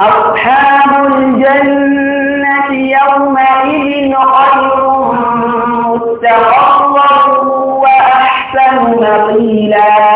أصحاب الجنة يومئذ خير مستقرا وأحسن مقيلا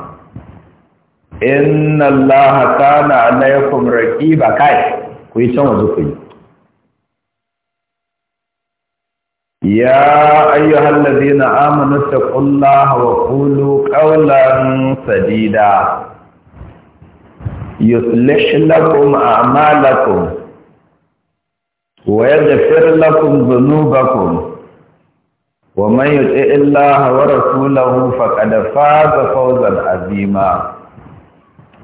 inna Allah kana alaykum raqiba kai ku yi can wazo ku yi ya ayyuhal ladina amanu taqullaha wa qulu qawlan sadida yuslih lakum a'malakum wa yaghfir lakum dhunubakum wa man yuti illaha wa rasulahu faqad faza fawzan azima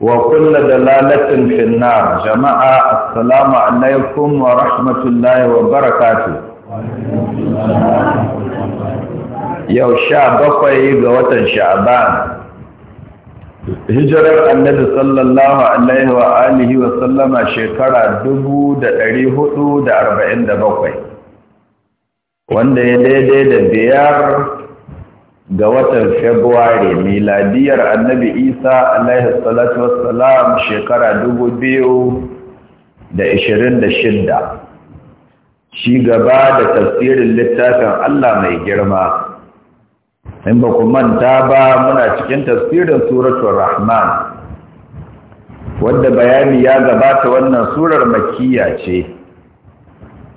wa kulla dalalatin finna, jama'a assalamu alaikum wa rahmatullahi wa barakatu yau sha bakwai ga watan sha'ban Hijrar annabi sallallahu alaihi wa alihi wa sallama shekara dubu da hudu da arba'in da bakwai wanda ya daidai da biyar ga watan Februari miladiyar Annabi Isa alaihi salatu wassalam shekara 2026 shi gaba da tafsirin littafin Allah mai girma in ba ku manta ba muna cikin tafsirin suratul Rahman wanda bayani ya gabata wannan surar makkiya ce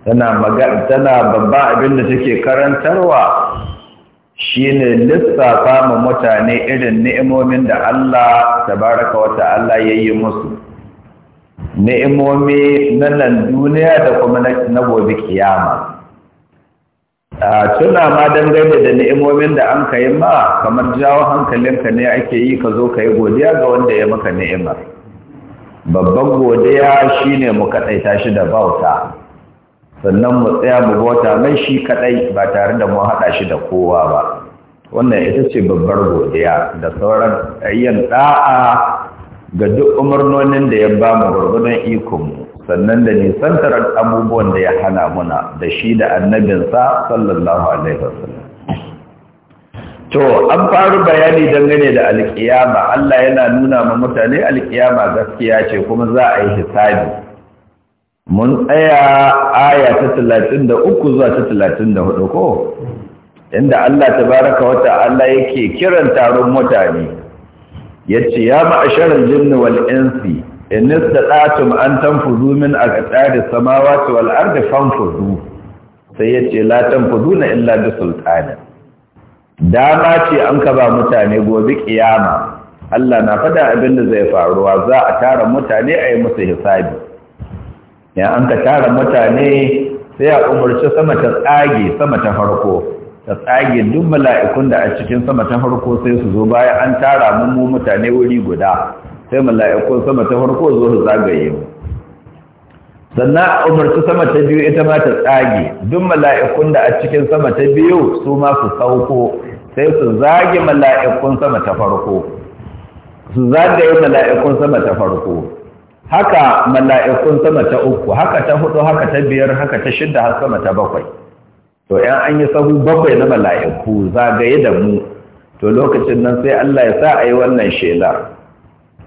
tana babba abinda take karantarwa Shi ne lissafa ma mutane irin ni'imomin da Allah Ta baraka wata Allah ya yi musu ni'imomi na nan duniya da kuma na gobe kiyama a tuna ma dangane da ni'imomin da an ka yi ma kamar jawo hankalinka ne ake yi ka zo ka yi godiya ga wanda ya maka ni'imar babban godiya shine mu kaɗaita shi da bauta sannan mu tsaya mu bauta mai shi kadai ba tare da mu hada shi da kowa ba wannan ita ce babbar godiya da sauran ayyan da'a ga duk umarnonin da ya ba mu ikon mu sannan da nisantar abubuwan da ya hana muna da shi da annabinsa sallallahu alaihi wasallam To, an faru bayani dangane da alkiyama, Allah yana nuna ma mutane alkiyama gaskiya ce kuma za a yi hisabi. mun tsaya aya ta talatin da uku zuwa ta talatin da hudu ko inda Allah ta baraka wata Allah yake kiran taron mutane ya ce ya ma'asharar jinni wal insi in istatatum an tanfudu min aqdari samawati wal ardi fanfudu sai ya ce la in illa bi sultana dama ce an ka ba mutane gobe kiyama Allah na fada abin da zai faruwa za a tara mutane a yi musu hisabi ya an ka tara mutane sai a umarci sama ta tsage sama ta farko ta tsage duk mala'ikun da a cikin sama ta farko sai su zo bayan an tara mu mutane wuri guda sai mala'ikun sama ta farko zo su zagaye mu sannan a umarci sama ta biyu ita ma ta tsage duk mala'ikun da a cikin sama ta biyu su ma su sauko sai su zage mala'ikun sama ta farko su zagaye mala'ikun sama ta farko haka mala'ikun sama ta uku haka ta hudu haka ta biyar haka ta shidda har sama ta bakwai to ‘yan an yi sahu bakwai na mala'iku zagaye da mu to lokacin nan sai Allah ya sa a yi wannan shela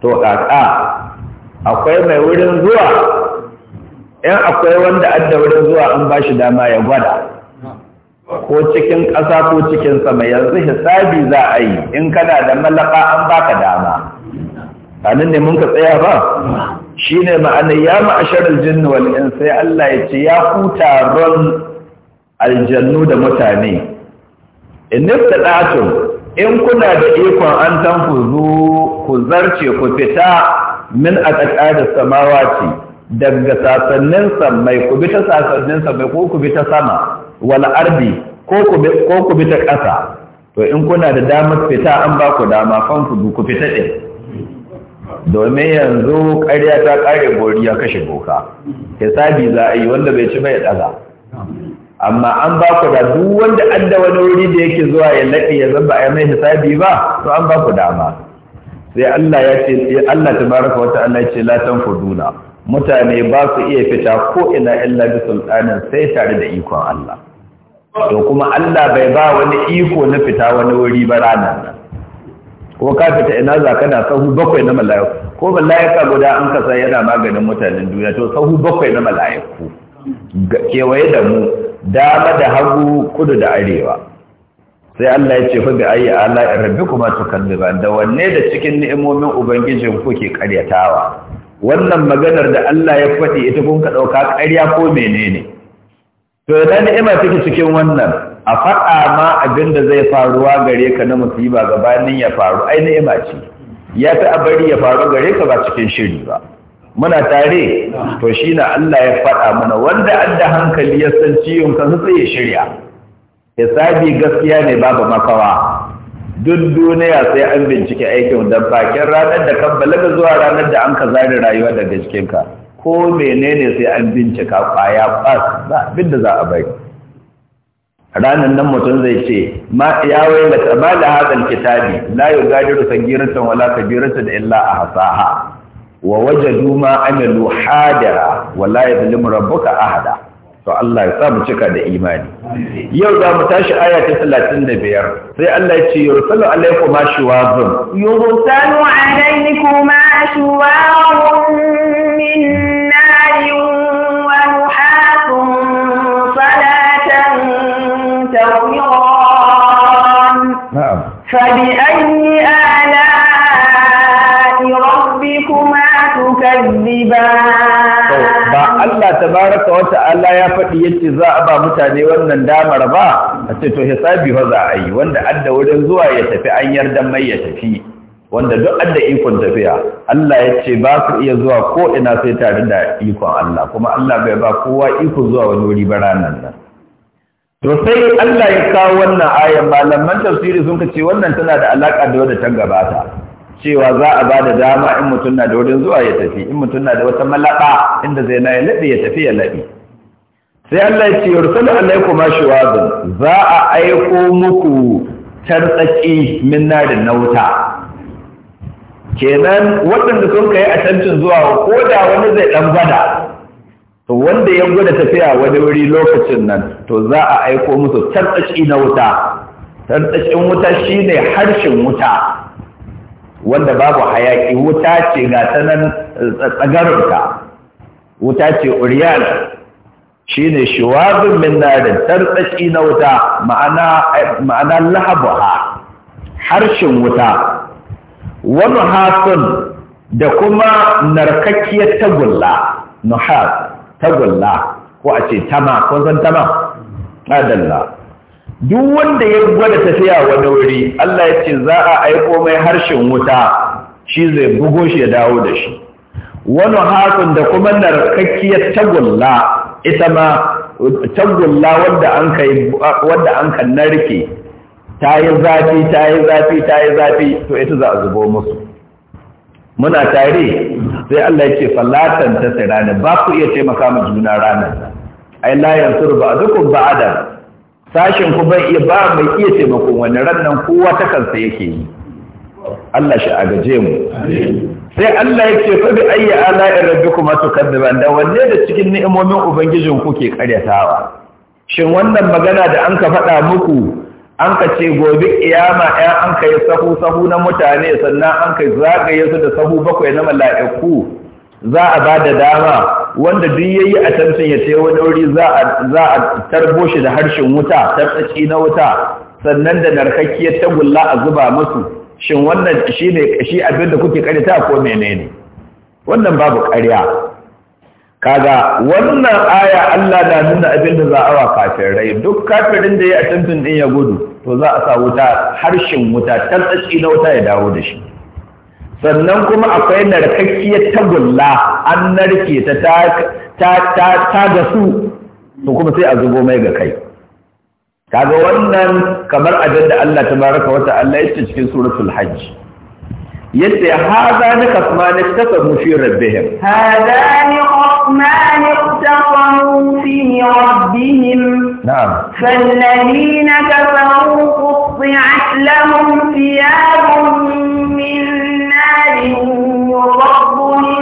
to ƙaƙa akwai mai wurin zuwa ‘yan akwai wanda adda wurin zuwa an ba shi dama ya gwada ko cikin ƙasa ko cikin sama yanzu hisabi za a yi in kana da malaka an baka dama sanin ne mun ka tsaya ba Shi shine ma'ana ya ma'asharal jinni wani sai Allah ya ce ya ku taron aljannu da mutane in nistadatu in kuna da ikon an tanfuzu ku zarce ku fita min samawa ce. daga sasannin samai ku bi ta sasannin samai ko ku bi ta sama wani ardi ko ku bi ta ƙasa to in kuna da damar fita an ba ku dama fanfuzu ku fita ɗin domin yanzu karya ta kare gori ya kashe boka hisabi za a yi wanda bai ci bai ɗaga amma an ba ku da duk wanda an da wani wuri da yake zuwa ya laɗe ya zamba a mai hisabi ba to an ba ku dama sai Allah ya ce sai Allah baraka wata wata ce latan fuduna. mutane ba su iya fita ko ina illa bi sultanin sai tare da ikon Allah to kuma Allah bai ba wani iko na fita wani wuri ba ranan nan ko ka fita ina za kana sahu bakwai na mala'iku ko mala'ika guda an kasa yana maganin mutanen duniya to sahu bakwai na mala'iku kewaye da mu dama da hagu kudu da arewa sai Allah ya ce fa bi ayi ala rabbikuma tukadziban da wanne da cikin ni'imomin ubangijin ku ke karyatawa wannan maganar da Allah ya faɗi ita kun ka dauka karya ko menene to idan ni'ima take cikin wannan a faɗa ma abin da zai faruwa gare ka na musiba gabanin ya faru ai ni'ima ce ya ta a bari ya faru gare ka ba cikin shiri ba muna tare to shi na Allah ya faɗa mana wanda an hankali ya san ciwon kansa sai ya shirya hisabi gaskiya ne babu makawa duk duniya sai an bincike aikin da bakin ranar da kan balaga zuwa ranar da an ka zare rayuwa daga cikinka ko menene sai an bincika kwaya bas ba abin da za a bari ranar nan mutum zai ce ma ya wai da ba da hadal kitabi la yugadiru sagiratan wala kabiratan illa a ahsaha wa wajadu ma amilu hadara wala yadhlimu rabbuka ahada to Allah ya sa mu cika da imani yau za mu tashi aya ta 35 sai Allah ya ce yursalu alaykum ashwazun yursalu alaykum ashwazun min فبأي آلاء ربكما تكذبان Allah tabaraka wata Allah ya faɗi yace za a ba mutane wannan damar ba a ce to hisabi fa za a yi wanda adda wurin zuwa ya tafi an yarda mai ya tafi wanda duk adda ikon tafiya Allah ya ce ba su iya zuwa ko ina sai tare da ikon Allah kuma Allah bai ba kowa iko zuwa wani wuri ba ranar nan to sai Allah ya kawo wannan ayan malaman tafsiri sun ce wannan tana da alaka da wadda ta gabata cewa za a ba da dama in mutum na da wurin zuwa ya tafi in mutum na da wata malaba inda zai na ya laɓe ya tafi ya laɓe sai Allah ya ce yursalu alaikum ashwazun za a aiko muku tarsaki min narin na wuta kenan waɗanda sun kai a tantin zuwa ko da wani zai ɗan gwada to wanda ya gwada tafiya wani wuri lokacin nan to za a aiko musu tarsaki na wuta tarsakin wuta shine harshen wuta wanda babu hayaki wuta ce ga ta nan eh, wuta ce uriyal shi ne shiwazin min narin na wuta eh, ma'ana lahabuha harshen wuta wani hasun da kuma narkakkiyar tagulla nuhas tagulla ko a ce tama kun san tama adalla duk wanda ya gwada tafiya wani wuri Allah ya ce za a aiko mai harshen wuta shi zai bugo shi ya dawo da shi wani hakan da kuma narkakkiyar tagulla ita ma tagulla wanda an kai wanda an kan narke ta yi zafi ta yi zafi ta yi zafi to ita za a zubo musu muna tare sai Allah ya ce fallatan ta sai ranar ba ku iya taimaka ma juna ranar ai la yansuru ba dukun ba'adan Sashen ku bai iya ba mai iya taimakon wani rannan kowa ta kansa yake yi Allah shi agaje mu sai Allah yake fa bi ayyi ala'i rabbikum tukadiban da wanne da cikin ni'imomin ubangijin ku ke karyatawa shin wannan magana da an ka faɗa muku an ka ce gobe kiyama ɗaya an ka yi sahu sahu na mutane sannan an ka zagaye su da sahu bakwai na mala'iku za a ba da dama wanda duk yi a tamsin ya ce wani wuri za a tarbo shi da harshen wuta tsaki na wuta sannan da narkakkiyar tagulla a zuba musu shin wannan ne shi abin da kuke karita ko menene wannan babu karya. kaga wannan aya Allah na nuna abin da za a wa kafirai duk kafirin da ya attempting din ya gudu to za a sa wuta harshen wuta tsaki na wuta ya dawo da shi sannan kuma akwai narkakkiyar tagulla an narke ta ta ga su su kuma sai a zubo mai ga kai kaga wannan kamar a da Allah tabaraka wa ta'ala yake cikin suratul hajj yace hadha ni qasman istasamu fi rabbihim Haza ni qasman istasamu fi rabbihim na'am falladhina kafaru qutti'at lahum thiyabun min يصب من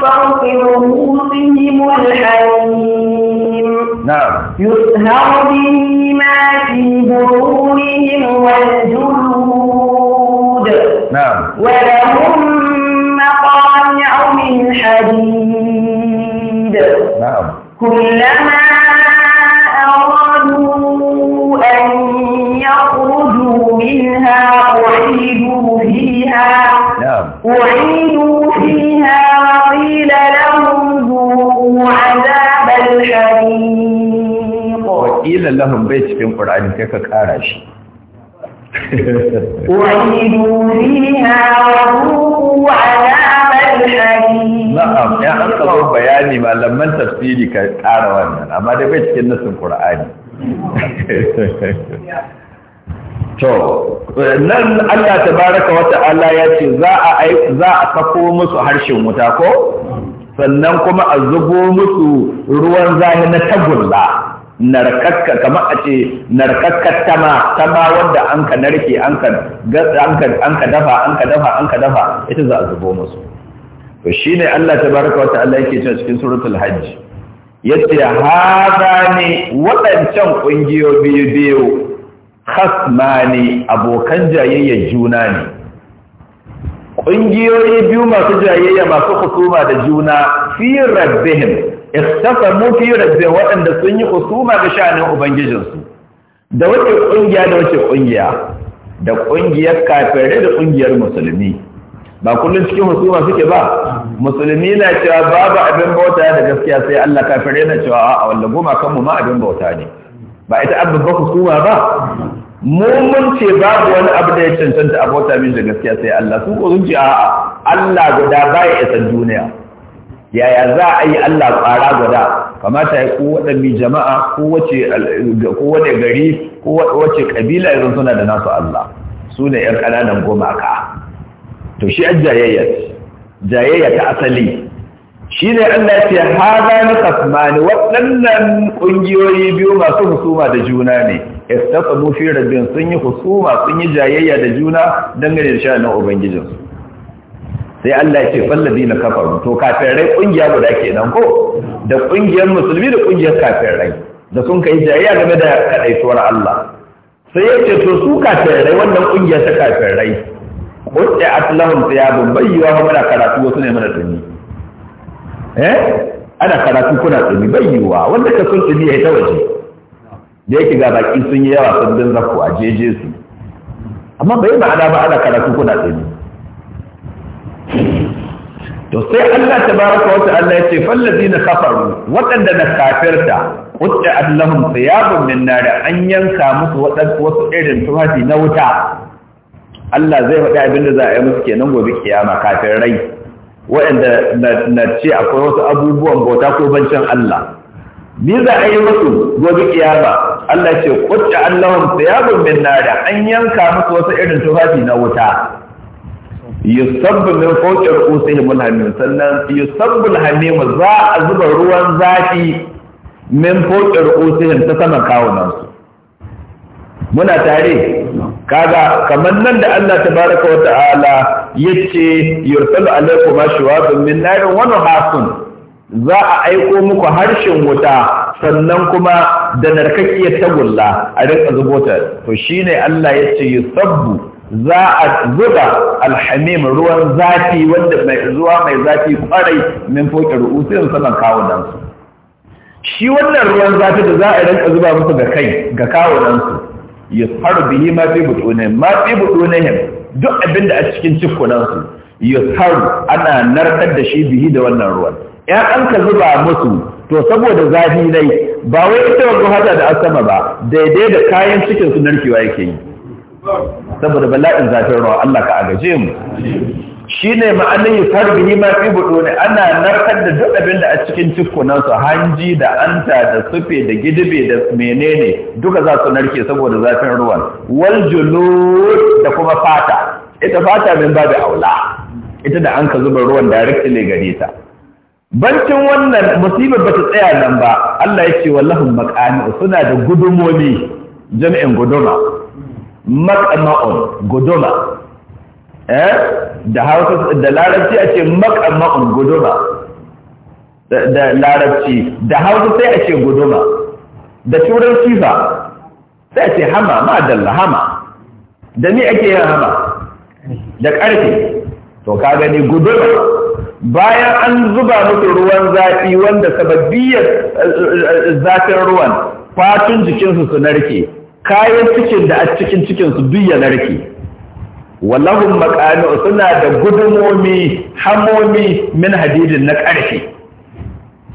فوق رؤوسهم الحميم يسهر به ما في بطونهم والجلود نعم ولهم مقامع من حديد نعم كلما أرادوا أن يخرجوا منها أعيدوا فيها فيها أعيدوا فيها وقيل لهم ذوقوا عذاب الحريق وقيل لهم بيت في القرآن كيف كارش أعيدوا فيها وذوقوا عذاب الحريق نعم يا أنت لو بياني ما لما تفسيري كاروانا أما ده بيت في الناس القرآن to nan Allah tabaraka wa ta'ala ya ce za a za a sako musu harshen wuta ko sannan kuma a zubo musu ruwan zahi na tagulla narkakka kama a ce narkakkar tama tama wanda an ka narke an ka an ka dafa an ka dafa an ka dafa ita za a zubo musu to shine Allah tabaraka wa ta'ala yake cewa cikin suratul hajj yace hada ne waɗancan kungiyo biyu biyu khasmani abokan jayayya juna ne ƙungiyoyi biyu masu jayayya masu kusuma da juna fi rabbihim istafamu fi rabbihim waɗanda sun yi husuma da sha'anin ubangijinsu da wace ƙungiya da wace ƙungiya da ƙungiyar kafirai da ƙungiyar musulmi ba kullum cikin husuma suke ba musulmi na cewa babu abin bauta da gaskiya sai Allah kafirai na cewa a wallan goma kanmu ma abin bauta ne ba ita abin ba hukuma ba mun ce babu wani abu da ya cancanta a bauta min da gaskiya sai Allah su ko sun a'a Allah guda baya isan duniya yaya za a yi Allah tsara guda kamata ya ko waɗanne jama'a ko wace ko gari ko wace kabila irin suna da nasu Allah su ne ƴan ƙananan goma ka to shi an jayayya jayayya ta asali shi ne Allah ce haza ni kasmani waɗannan ƙungiyoyi biyu masu husuma da juna ne istasa mufi rabin sun yi husuma sun yi jayayya da juna don gani da sha'anin ubangijin sai Allah ce ɓallabi na kafar to kafirai ƙungiya guda kenan ko da ƙungiyar musulmi da ƙungiyar kafirai da sun kai jayayya game da kaɗaituwar Allah sai ya ce to su kafirai wannan ƙungiyar ta kafirai ƙudde atlahun tsayabun wa mana karatu wasu ne mana tuni eh ana karatu kuna tsumi bai yiwuwa wanda ka sun tsumi ya yi ta waje da yake ga baki sun yi yawa sun din zaku a jeje su amma bai ma'ana ba ana karatu kuna tsumi to sai Allah ta baraka wata Allah ya ce na kafaru waɗanda na kafirta Wata Allahun thiyabun min da an yanka musu wasu irin tufafi na wuta Allah zai faɗi abin da za a yi musu kenan gobe kiyama kafin rai waɗanda na ce akwai wasu abubuwan bauta ko bancin Allah ni za a yi musu gobe kiyama Allah ce kutta Allahun siyabun min nada an yanka musu wasu irin tufafi na wuta yusabbu min fawqi ru'usihim al-hamim sannan yusabbu al-hamim za a zuba ruwan zafi min fokin ru'usihim ta sama kawunansu muna tare kaga kamar nan da Allah tabaraka wa ta'ala yace yursalu alaykum ashwabun min narin wa nuhasun za a aiko muku harshen wuta sannan kuma da ta gulla, a rinka zubota to shine Allah yace yusabbu za a zuba alhamim ruwan zafi wanda mai zuwa mai zafi kwarai min foke ru'usin saman kawunansu shi wannan ruwan zafi da za a rinka zuba musu ga kai ga su. faru bihi ma fi butunihim ma fi butunihim duk abin da a cikin cikunan su yusharu ana narkar da shi bihi da wannan ruwan ya an ka zuba musu to saboda zafi dai ba wai ita wa hada da asama ba daidai da kayan cikin su narkewa yake yi saboda bala'in zafin ruwa Allah ka agaje mu Shi ne ma'anin yi ma fi budu ne ana narkar da duk abin da a cikin cikunansu hanji da anta da sufe da gidibe da menene duka za su narke saboda zafin ruwan wal julud da kuma fata ita fata min babu aula ita da an ka zuba ruwan ne gare ta bancin wannan musibar bata tsaya nan ba Allah ya ce wallahum maqami suna da gudumomi jami'in guduma maqama'un guduma Eh? da hausa da larabci a ce makamman guduma da larabci da hausa sai a ce guduma da turanci ba sai a ce hama ma dalla hama da ni ake yin hama da ƙarfe to ka gani guduma bayan an zuba musu ruwan zafi wanda sababbiyar zafin ruwan fatun jikinsu su narke kayan cikin da a cikin cikinsu duk ya narke walahum maqanu suna da gudumomi hamomi min hadidin na ƙarfi.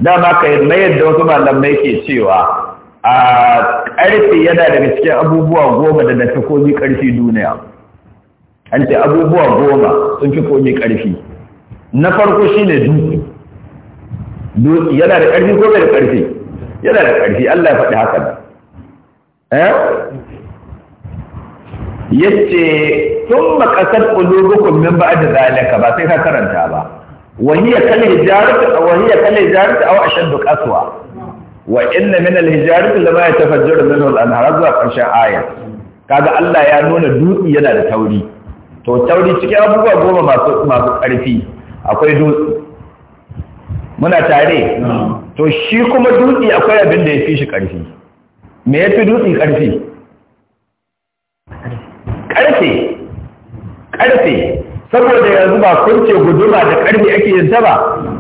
dama kai mayar da wasu malamai ke cewa a ƙarfi yana daga cikin abubuwa goma da na fi komi ƙarfi duniya an ce abubuwa goma sun fi komi ƙarfi na farko shine dutse yana da ƙarfi ko bai da ƙarfi yana da ƙarfi Allah ya faɗi haka eh yace thumma qasat qulubukum min ba'd zalika ba sai ka karanta ba wa hiya kal hijaratu Wani hiya kalli hijaratu a ashaddu qaswa wa inna min al hijarati lama yatafajjaru minhu al anhar zuwa ƙarshen ayat kaga Allah ya nuna dutsi yana da tauri to tauri cikin abubuwa goma masu masu ƙarfi akwai dutsi muna tare to shi kuma dutsi akwai abin da ya fi shi ƙarfi me ya fi dutsi ƙarfi ƙarfe ƙarfe saboda yanzu ba kunce guduma da ƙarfe ake yin ta ba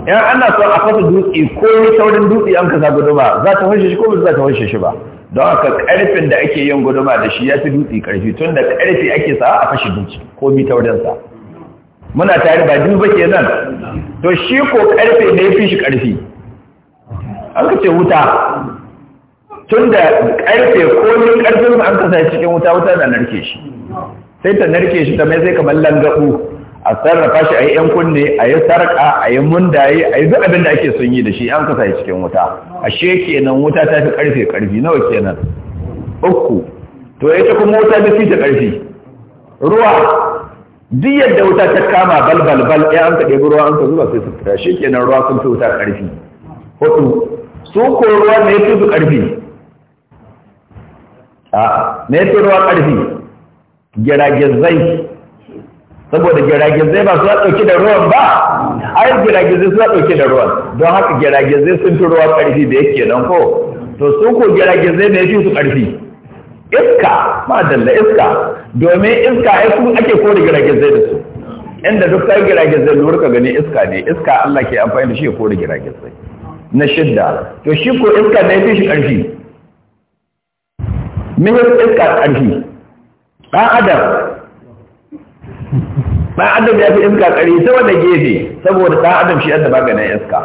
yan ana so a fasa dutse ko ne saurin dutse an kasa guduma za ta wanshe shi ko za ta wanshe shi ba don haka ƙarfin da ake yin guduma da shi ya fi dutse ƙarfi tun da ƙarfe ake sa a fashe dutse ko mi sa muna tare ba biyu ba ke nan to shi ko ƙarfe ne ya fi shi ƙarfi an ka ce wuta tun da ƙarfe komin ƙarfin an kasa cikin wuta wuta na narke shi sai ta narke shi ta mai sai kamar langaɓu. a sarrafa shi a yi ‘yan kunne a yi sarƙa a yi mundaye a yi duk abin da ake son yi da shi an kasa cikin wuta A kenan wuta ta fi ƙarfe ƙarfi nawa kenan uku to ya ta kuma wuta ta fi ta ƙarfi ruwa duk yadda wuta ta kama balbal bal ɗaya an kaɗe ruwa an ka zuba sai su fita shi kenan ruwa sun fi wuta ƙarfi hudu su ko ruwa ne ya fi su ƙarfi a me yake ruwa ƙarfi giragizai saboda giragizai ba su ɗauki da ruwan ba ai giragizai su ɗauki da ruwan don haka giragizai sun fi ruwa ƙarfi da yake nan ko to su ko giragizai ne fi su ƙarfi iska ma dalla iska domin iska ai su ake kore giragizai da su inda duk kai giragizai lura ka gani iska ne iska Allah ke amfani da shi ya kore giragizai na shidda to shi ko iska ne fi shi ƙarfi me yi iska ƙarfi ɗan adam ɗan adam ya fi iska kare ta wanda gefe saboda ɗan adam shi yadda maganin iska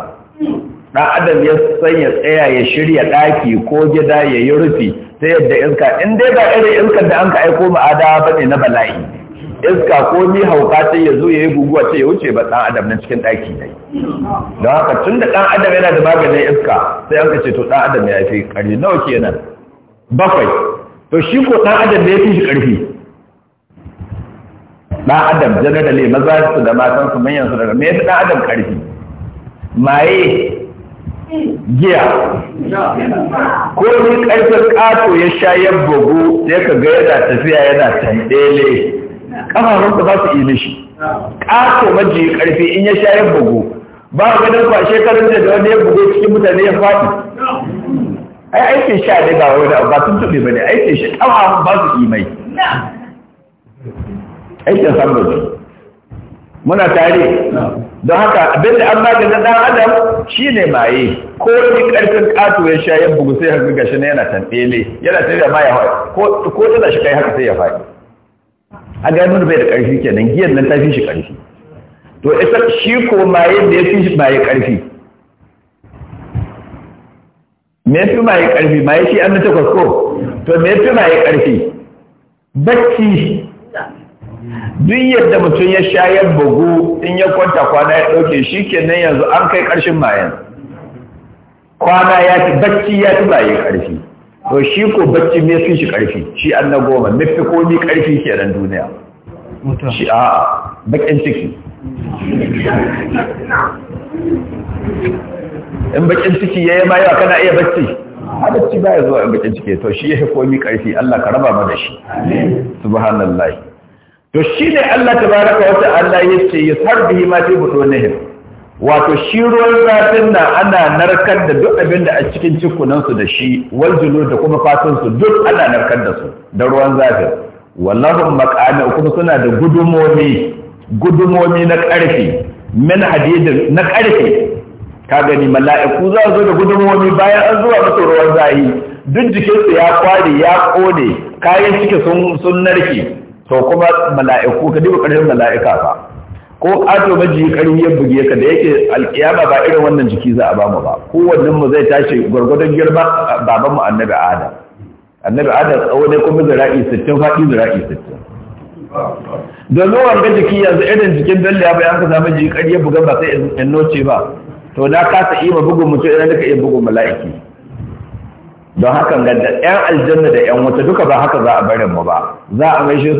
ɗan adam ya sanya tsaya ya shirya ɗaki ko gida ya yi rufi ta yadda iska in dai ba irin iskar da an ka aiko ma'ada ba ne na bala'i iska ko ni hauka ta ya zo ya yi guguwa ta ya wuce ba ɗan adam na cikin ɗaki ne don haka tun da ɗan adam yana da maganin iska sai an ka ce to ɗan adam ya fi kare nawa kenan bakwai to shi ko ɗan adam da ya fi shi ƙarfi ɗan adam generally maza su da matan su manyan su daga me ya ɗan adam ƙarfi maye giya ko ni ƙarfin ƙato ya sha ya bugu sai ka ga yana tafiya yana tandele ƙafafun ba su yi mishi ƙato maji ƙarfi in ya sha ya bugu ba a ganin kwashe karin da wani ya bugu cikin mutane ya faɗi ai aikin sha ne ba wani ba tun tuɓe ba ne aikin shi kama ba su imai aikin san gaji muna tare don haka abin da an na ɗan adam shi ne maye ko wani ƙarfin ƙato ya sha yan bugu sai haka shi na yana tanɓele yana tafiya ma ya haɗu ko tana shi kai haka sai ya faɗi a ga nuna bai da ƙarfi kenan giyan nan ta fi shi ƙarfi to ita shi ko maye da ya fi shi maye ƙarfi me fi maye ƙarfi yi shi an na takwas ko to me fi maye ƙarfi bacci duk yadda mutum ya shayar bugu in ya kwanta kwana ya ɗauke shi kenan yanzu an kai ƙarshen mayan kwana ya fi bacci ya fi maye ƙarfi to shi ko bacci me fi shi ƙarfi shi an na goma me fi komi ƙarfi kenan duniya shi a baƙin ciki in bakin ciki ya yi mayawa kana iya bacci a baya ba zuwa in bakin ciki to shi ya fi komi ƙarfi Allah ka raba ma da shi subhanallah to shi ne Allah ta baraka ce ya ta'ala yace yusarbihi ma fi budunihim wato shi ruwan zafin nan ana narkar da duk abin da a cikin cikunansu da shi wal da kuma fatansu duk ana narkar da su da ruwan zafin wallahun makana kuma suna da gudumomi gudumomi na ƙarfi min hadidin na ƙarfi ka gani mala'iku za zo da gudunmomi bayan an zuwa musu ruwan zahi duk jikinsu ya kware ya kone kayan cike sun narke to kuma mala'iku ka duba ƙarfin mala'ika ba ko ƙato maji ƙarfi ya buge ka da yake alkiyama ba irin wannan jiki za a bamu ba kowannen mu zai tashi gwargwadon girma baban mu annabi adam annabi adam tsawo ne kuma zira'i 60 faɗi zira'i 60 domin wanga jiki yanzu irin jikin dalle ya bayan ka samu jikar ya buga ba sai in noce ba to na kasa iya bugun mutum idan duka iya bugun mala'iki don hakan ga da ƴan aljanna da ƴan wata duka ba haka za a bari mu ba za a mai shi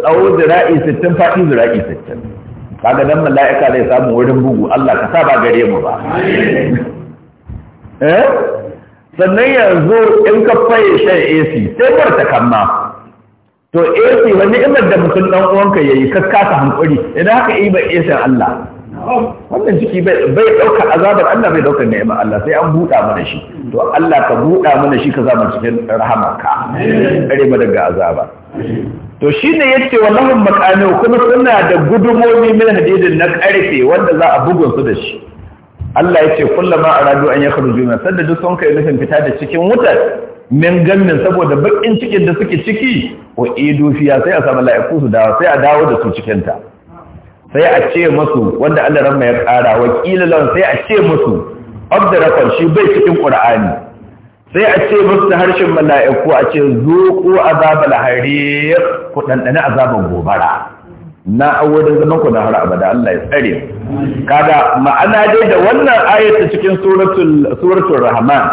tsawo zira'i sittin faɗi zira'i sittin kaga dan mala'ika zai samu wurin bugu Allah ka sa ba gare mu ba eh sannan yanzu in ka faye shan AC sai bar ta kamma to AC wani imar da mutum dan uwanka yayi ka kasa hankuri idan haka yi ba AC Allah wannan ciki bai ɗauka azabar Allah bai ɗaukar ni'ima Allah sai an buɗa mana shi to Allah ka buɗa mana shi ka zama cikin rahamarka ɗare mu ga azaba to shi ne yace wallahi makamai kuma suna da gudumomi mai hadidin na karfe wanda za a bugun su da shi Allah ya ma a rajo an yakhruju min sanda duk sun kai nufin fita da cikin wutar min gannin saboda bakin cikin da suke ciki wa idu sai a samu la'iku su dawo sai a dawo da su cikinta sai a ce masu wanda Allah ramma ya ƙara wakilan sai a ce masu of shi bai cikin Qur'ani sai a ce musu harshen mala'iku a ce zuku azabal hari ku dandana azaban gobara na awodin zaman ku na har abada Allah ya tsare kaga ma'ana dai da wannan ayyata cikin suratul rahman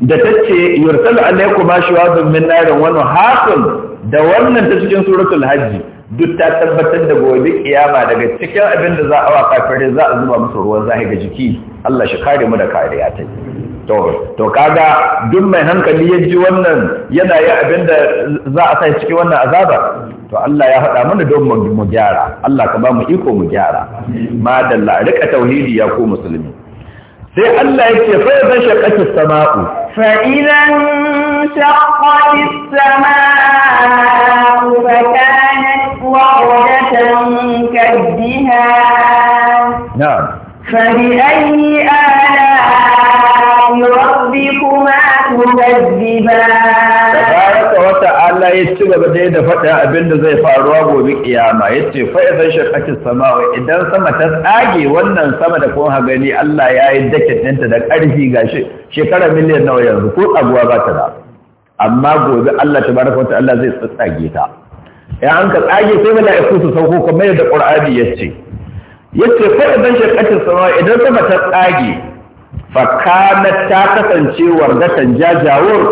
da tace yursalu alaykum ashwadun min narin wa nuhasun da wannan ta cikin suratul hajji duk ta tabbatar da gobe kiyama daga cikin abin da za a wa kafirai za a zuba musu ruwan zahi ga jiki Allah shi kare mu da kariya ta to to kaga duk mai hankali ya ji wannan yana yi abin da za a sa cikin wannan azaba to Allah ya faɗa mana don mu gyara Allah ka ba mu iko mu gyara dalla rika tauhidi ya ko musulmi sai Allah yake fa zan as sama'u fa idan وانشقت السماء فكانت وردة كالدهان نعم فبأي آلاء ربكما تكذبان تبارك وتعالى يتبع بدأ فتح أبن زي فاروه بقيامة يتبع فإذا شقت السماء إذا سما تساقي وانا سما تكون هغني الله يا يدكت انت دك أرهي غاشي شكرا مليون نويا ركوع أبوابات العالم amma gobe Allah ta baraka wata allah zai tsatsage ta ya an ka tsage sai mala'iku su sauko kamar yadda Qur'ani yace yace fa idan shaqqatis sama idan sama ta tsage fa kana ta kasance wargatan jajawur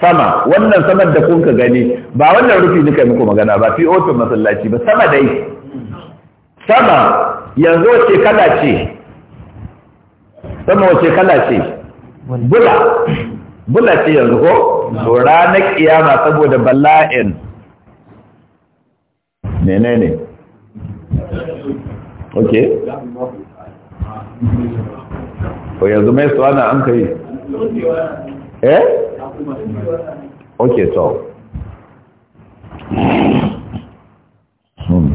sama wannan saman da kun ka gani ba wannan rufi nika muku magana ba fi otu masallaci ba sama dai sama yanzu wace kala ce sama wace kala ce bula bula ce yanzu ko to ranar kiyama saboda bala'in menene okay ko yanzu mai su ana an kai eh okay to hmm.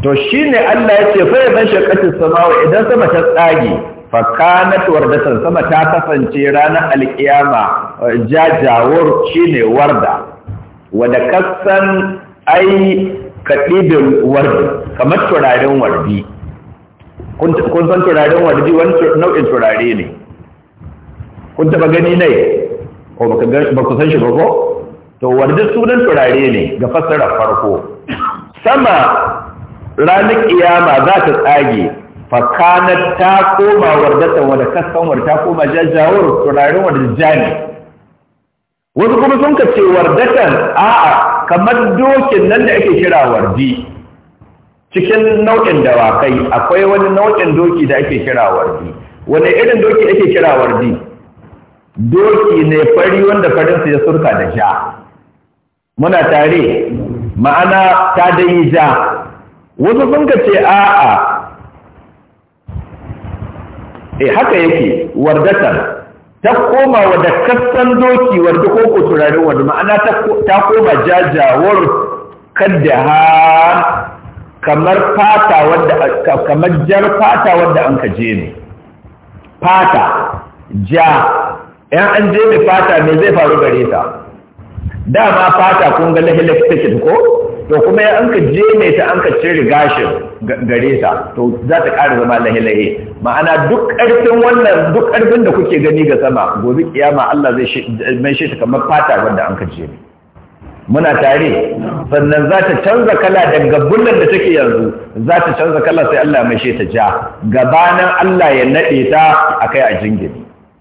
to shine Allah yake fa yaban shaqatis samawa idan sama ta tsage fakanat wardatan sama ta kasance ranar alkiyama eh, jajawar shi ne warda wada kasan ai kadibin wardi kamar turaren wardi kun san turaren wardi wani nau'in turare ne kun taba gani ne ko ba ku san shi ba ko to wardi sunan turare ne ga fassarar farko sama ranar kiyama za ta tsage Fakana ta koma wardatan wadda kasanwar ta koma jajjawar turarin wadda Jami. wasu kuma sun kace wardatan a'a kamar dokin nan da ake kira wardi cikin nau'in dawakai akwai wani nau'in doki da ake kira wardi wani irin doki ake kira wardi doki ne fari wanda farinsa ya surka da ja muna tare ma'ana ta dai ja wasu sun kace a'a eh haka yake wardatar ta koma wadda kassan kasan doki wadda ko ko turarin ma'ana ta koma jajawar kadda ha kamar fata wadda kamar jar fata wadda an je ne fata ja yan an je ne fata me zai faru gare ta dama fata kun ga lahilafi take ko to kuma yan an je ne ta an ka cire gashin gare ta to za ta ƙara zama lahe-lahe ma'ana duk ƙarfin wannan duk ƙarfin da kuke gani ga sama gobe kiyama Allah zai mai shi ta kamar fata wanda an kace ne muna tare sannan za ta canza kala daga bullan da take yanzu za ta canza kala sai Allah mai shi ta ja gabanan Allah ya nade ta akai a jingin.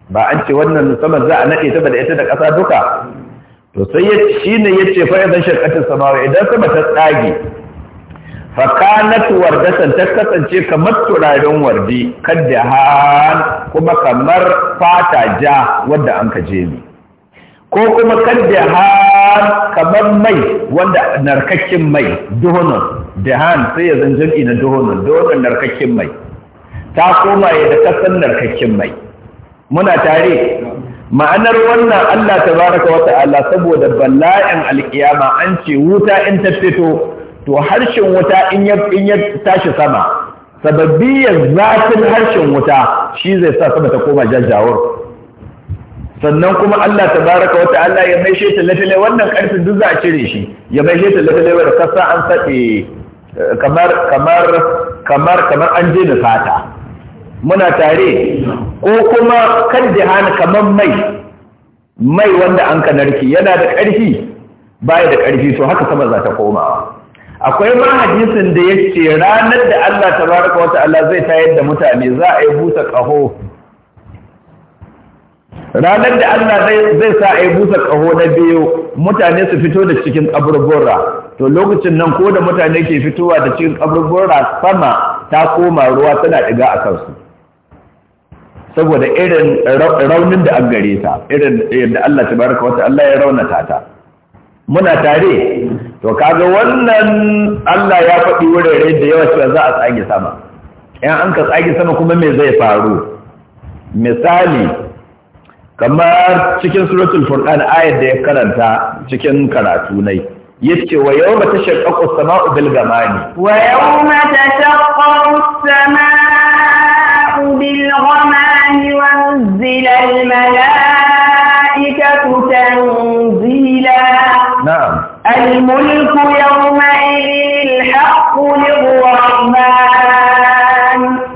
ba an ce wannan sama za a nade ta ba da ita da ƙasa duka to sai shine yace fa idan shaqatu samawa idan sama ta tsage fakanat wardatan ta kasance kamar turaren wardi kadda han kuma kamar fata ja wanda an kaje ni ko kuma kadda han kamar mai wanda narkakken mai duhunan dahan sai ya zanjan ina duhunan duhunan narkakken mai ta koma ya da kasan narkakken mai muna tare ma'anar wannan Allah Ta baraka wa Allah, saboda bala'in alkiyama an ce wuta in ta fito to harshen wuta in ya tashi sama sababbi zafin harshen wuta shi zai sa sama ta koma jajjawar sannan kuma Allah baraka wa Allah ya mai shi talafile wannan ƙarfin duk za a cire shi ya mai shi talafile wa kasa an sabe kamar kamar kamar kamar an je da fata muna tare ko kuma kan jihana kamar mai mai wanda an ka narki yana da karfi baya da karfi to haka sama za ta komawa akwai ma hadisin da ce ranar da Allah tabaraka wa ta'ala zai tayar da mutane za a yi busa kaho ranar da Allah zai sa a yi busa kaho na biyu mutane su fito da cikin kaburbura to lokacin nan ko da mutane ke fitowa da cikin kaburbura sama ta koma ruwa tana diga a kansu saboda irin raunin da an gare ta irin yadda Allah tabaraka wa ta'ala ya raunata ta muna tare to kaga wannan Allah ya faɗi wurare da yawa cewa za a tsage sama 'yan an ka tsage sama kuma me zai faru misali kamar cikin suratul furqan ayat da ya karanta cikin karatu nai yace wa yawma tashaqqaqu as-sama'u bil ghamami wa yawma tashaqqaqu as-sama'u bil ghamami wa nuzila al-malaa'ikatu الملك يومئذ الحق للرحمن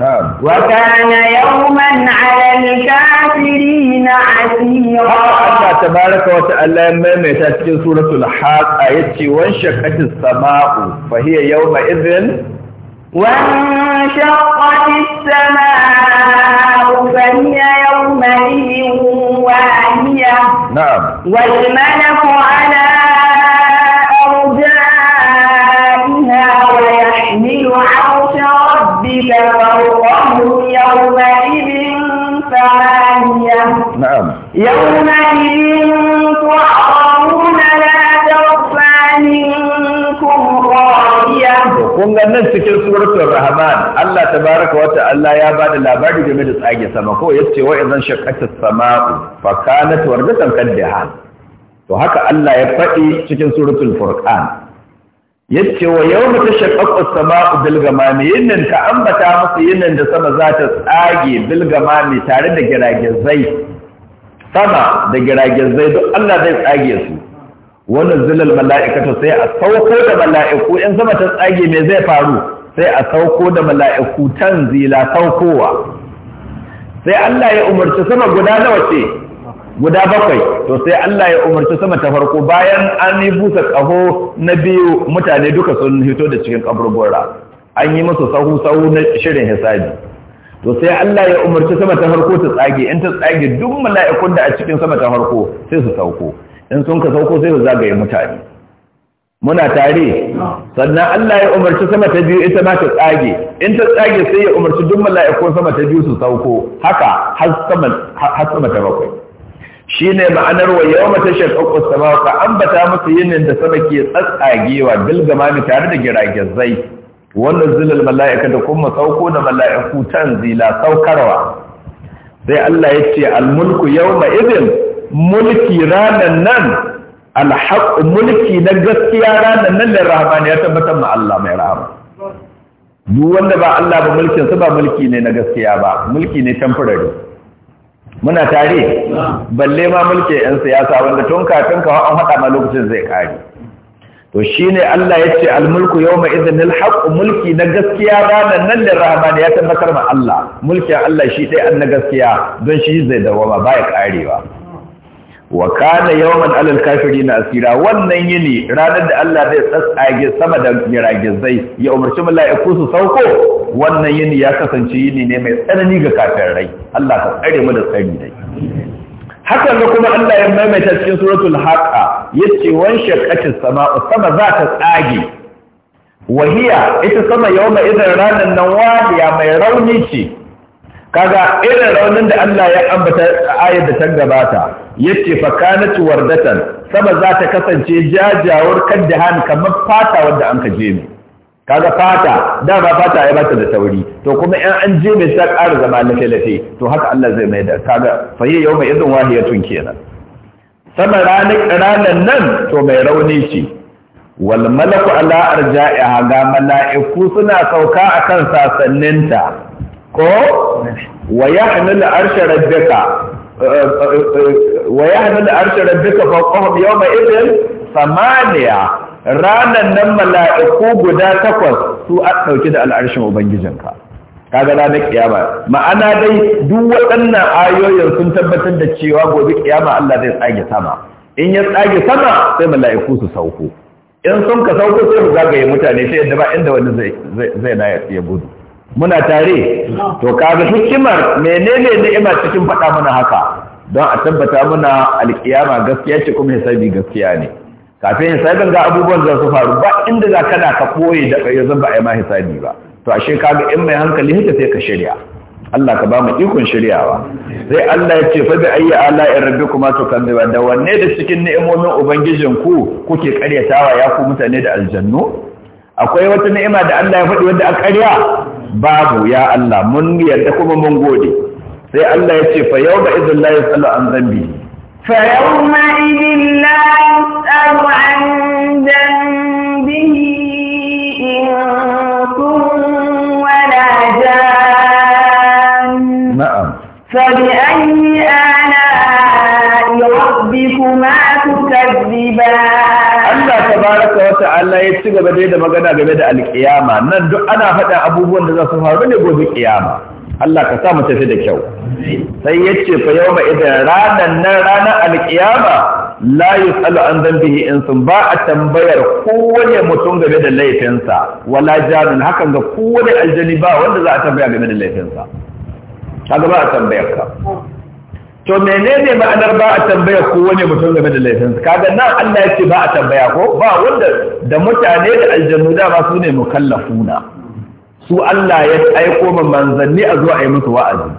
نعم. وكان يوما على الكافرين عسيرا تبارك وتعالى ميمتا cikin سورة الحاق yace آية وانشقت السماء فهي يومئذ وانشقت السماء فهي يومئذ واهية نعم والملك على شفاءهم يومئذ ثمانية نعم يومئذ تعرضون لا تخفى منكم راضية وقلنا سورة الرحمن الله تبارك وتعالى الله يا بعد لا بعد جميل الآية سمكو يستوى إذا انشقت السماء فكانت وردة كالدهان وهكذا الله يفتئ في سورة الفرقان yace wa yawma tashaqqaqu as-sama'u bil ghamami yinnan ta ambata musu yinnan da sama za ta tsage bil ghamami tare da giragizai sama da giragizai duk Allah zai tsage su wannan zilal mala'ikatu sai a sauko da mala'iku in sama ta tsage me zai faru sai a sauko da mala'iku tanzila saukowa sai Allah ya umarci sama guda nawa ce guda bakwai to sai Allah ya umarci sama ta farko bayan an yi busa ƙaho na biyu mutane duka sun hito da cikin kaburbura an yi musu sahu sahu na shirin hisabi to sai Allah ya umarci sama ta farko ta tsage in ta tsage duk mala'ikun da a cikin sama ta farko sai su sauko in sun ka sauko sai su zagaye mutane muna tare sannan Allah ya umarci sama ta biyu ita ma ta tsage in ta tsage sai ya umarci duk mala'ikun sama ta biyu su sauko haka har sama har sama ta bakwai Shi ne ma'anar wa yawma tashaqqaqu as-samaa'u ka ambata musu yinin da sama ke tsatsagewa bilgamami tare da girage zai. wannan zilal mala'ika da kuma sauko da mala'iku tanzila saukarwa sai Allah ya ce al-mulku yawma izin mulki ranan nan al-haq mulki na gaskiya ranan nan lirrahman ya tabbatar ma Allah mai rahama duk wanda ba Allah ba mulkin sa ba mulki ne na gaskiya ba mulki ne temporary muna tare balle ma mulke yan siyasa wanda tun kafin ka an haɗa ma lokacin zai ƙare. to shi ne Allah ya ce almulku yau mai izinin haqq mulki na gaskiya ranar nan da rahman ya tabbatar ma Allah mulkin Allah shi ɗaya an na gaskiya don shi zai dawama ya ƙarewa. wa kana yawman alal kafiri na asira wannan yini ranar da Allah zai tsatsage sama da miragizai ya umarci mala'iku su sauko wannan yini ya kasance yini ne mai tsanani ga kafirai Allah ka tsare mu da tsari dai hakan ne kuma Allah ya maimaita cikin suratul haqa yace wan shaqqatis sama'u sama za ta tsage wahiya ita sama yawma idan ranan nan wadiya mai rauni ce kaga irin raunin da Allah ya ambata ayar da ta gabata yace fa kanat wardatan sama za ta kasance jajawar kaddahan kamar fata wanda an ka jeme kaga fata ba fata ya bata da tauri to kuma in an mai ta ƙara zama lafe lafe to haka Allah zai mai da kaga fa yau mai idan wahiyatun kenan sama ranar nan to mai rauni ce wal malaku ala arja'iha ga mala'iku suna sauka akan sasanninta ko wa yahmilu arsha rabbika wa yahmil arsha rabbika fawqahum yawma idhin samaniya ranan nan mala'iku guda takwas su a dauke da al'arshin ubangijinka kaga nake kiyama ma'ana dai duk waɗannan ayoyin sun tabbatar da cewa gobe kiyama Allah zai tsage sama in ya tsage sama sai mala'iku su sauko in sun ka sauko sai su zagaye mutane sai yadda ba inda wani zai na ya gudu muna tare to kaga hikimar menene ni'ima cikin faɗa muna haka don a tabbata muna alkiyama gaskiya ce kuma hisabi gaskiya ne kafin hisabin ga abubuwan za su faru ba inda za kana ka koyi da bai zan ba a yi ma hisabi ba to ashe kaga in mai hankali haka sai ka shirya Allah ka ba mu ikon shiryawa sai Allah ya ce fa bi kuma ala'i kan tukazziba da wanne da cikin ni'imomin ubangijin ku kuke karyatawa ya ku mutane da aljannu akwai wata ni'ima da Allah ya faɗi wanda an karya babu ya Allah mun yarda kuma mun gode sai Allah ya ce fa yau da izin la yasalu an zambi fa yau ma la yasalu an zambi Allah ya ci gaba da magana game da alkiyama nan duk ana faɗa abubuwan da za su faru ne gobe kiyama Allah ka sa mu tafi da kyau sai ya ce fa yawma idan ranan nan ranar alkiyama la yusalu an in sun ba a tambayar kowane mutum game da laifinsa wala jarin hakan ga kowane aljani ba wanda za a tambaya game da laifinsa kaga ba a tambayar ka to menene ma'anar ba a tambaya ko wani mutum game da laifinsa kaga nan Allah yake ba a tambaya ko ba wanda da mutane da aljannu ba su ne mukallafuna su Allah ya aiko ma manzanni a zuwa a yi musu wa'azi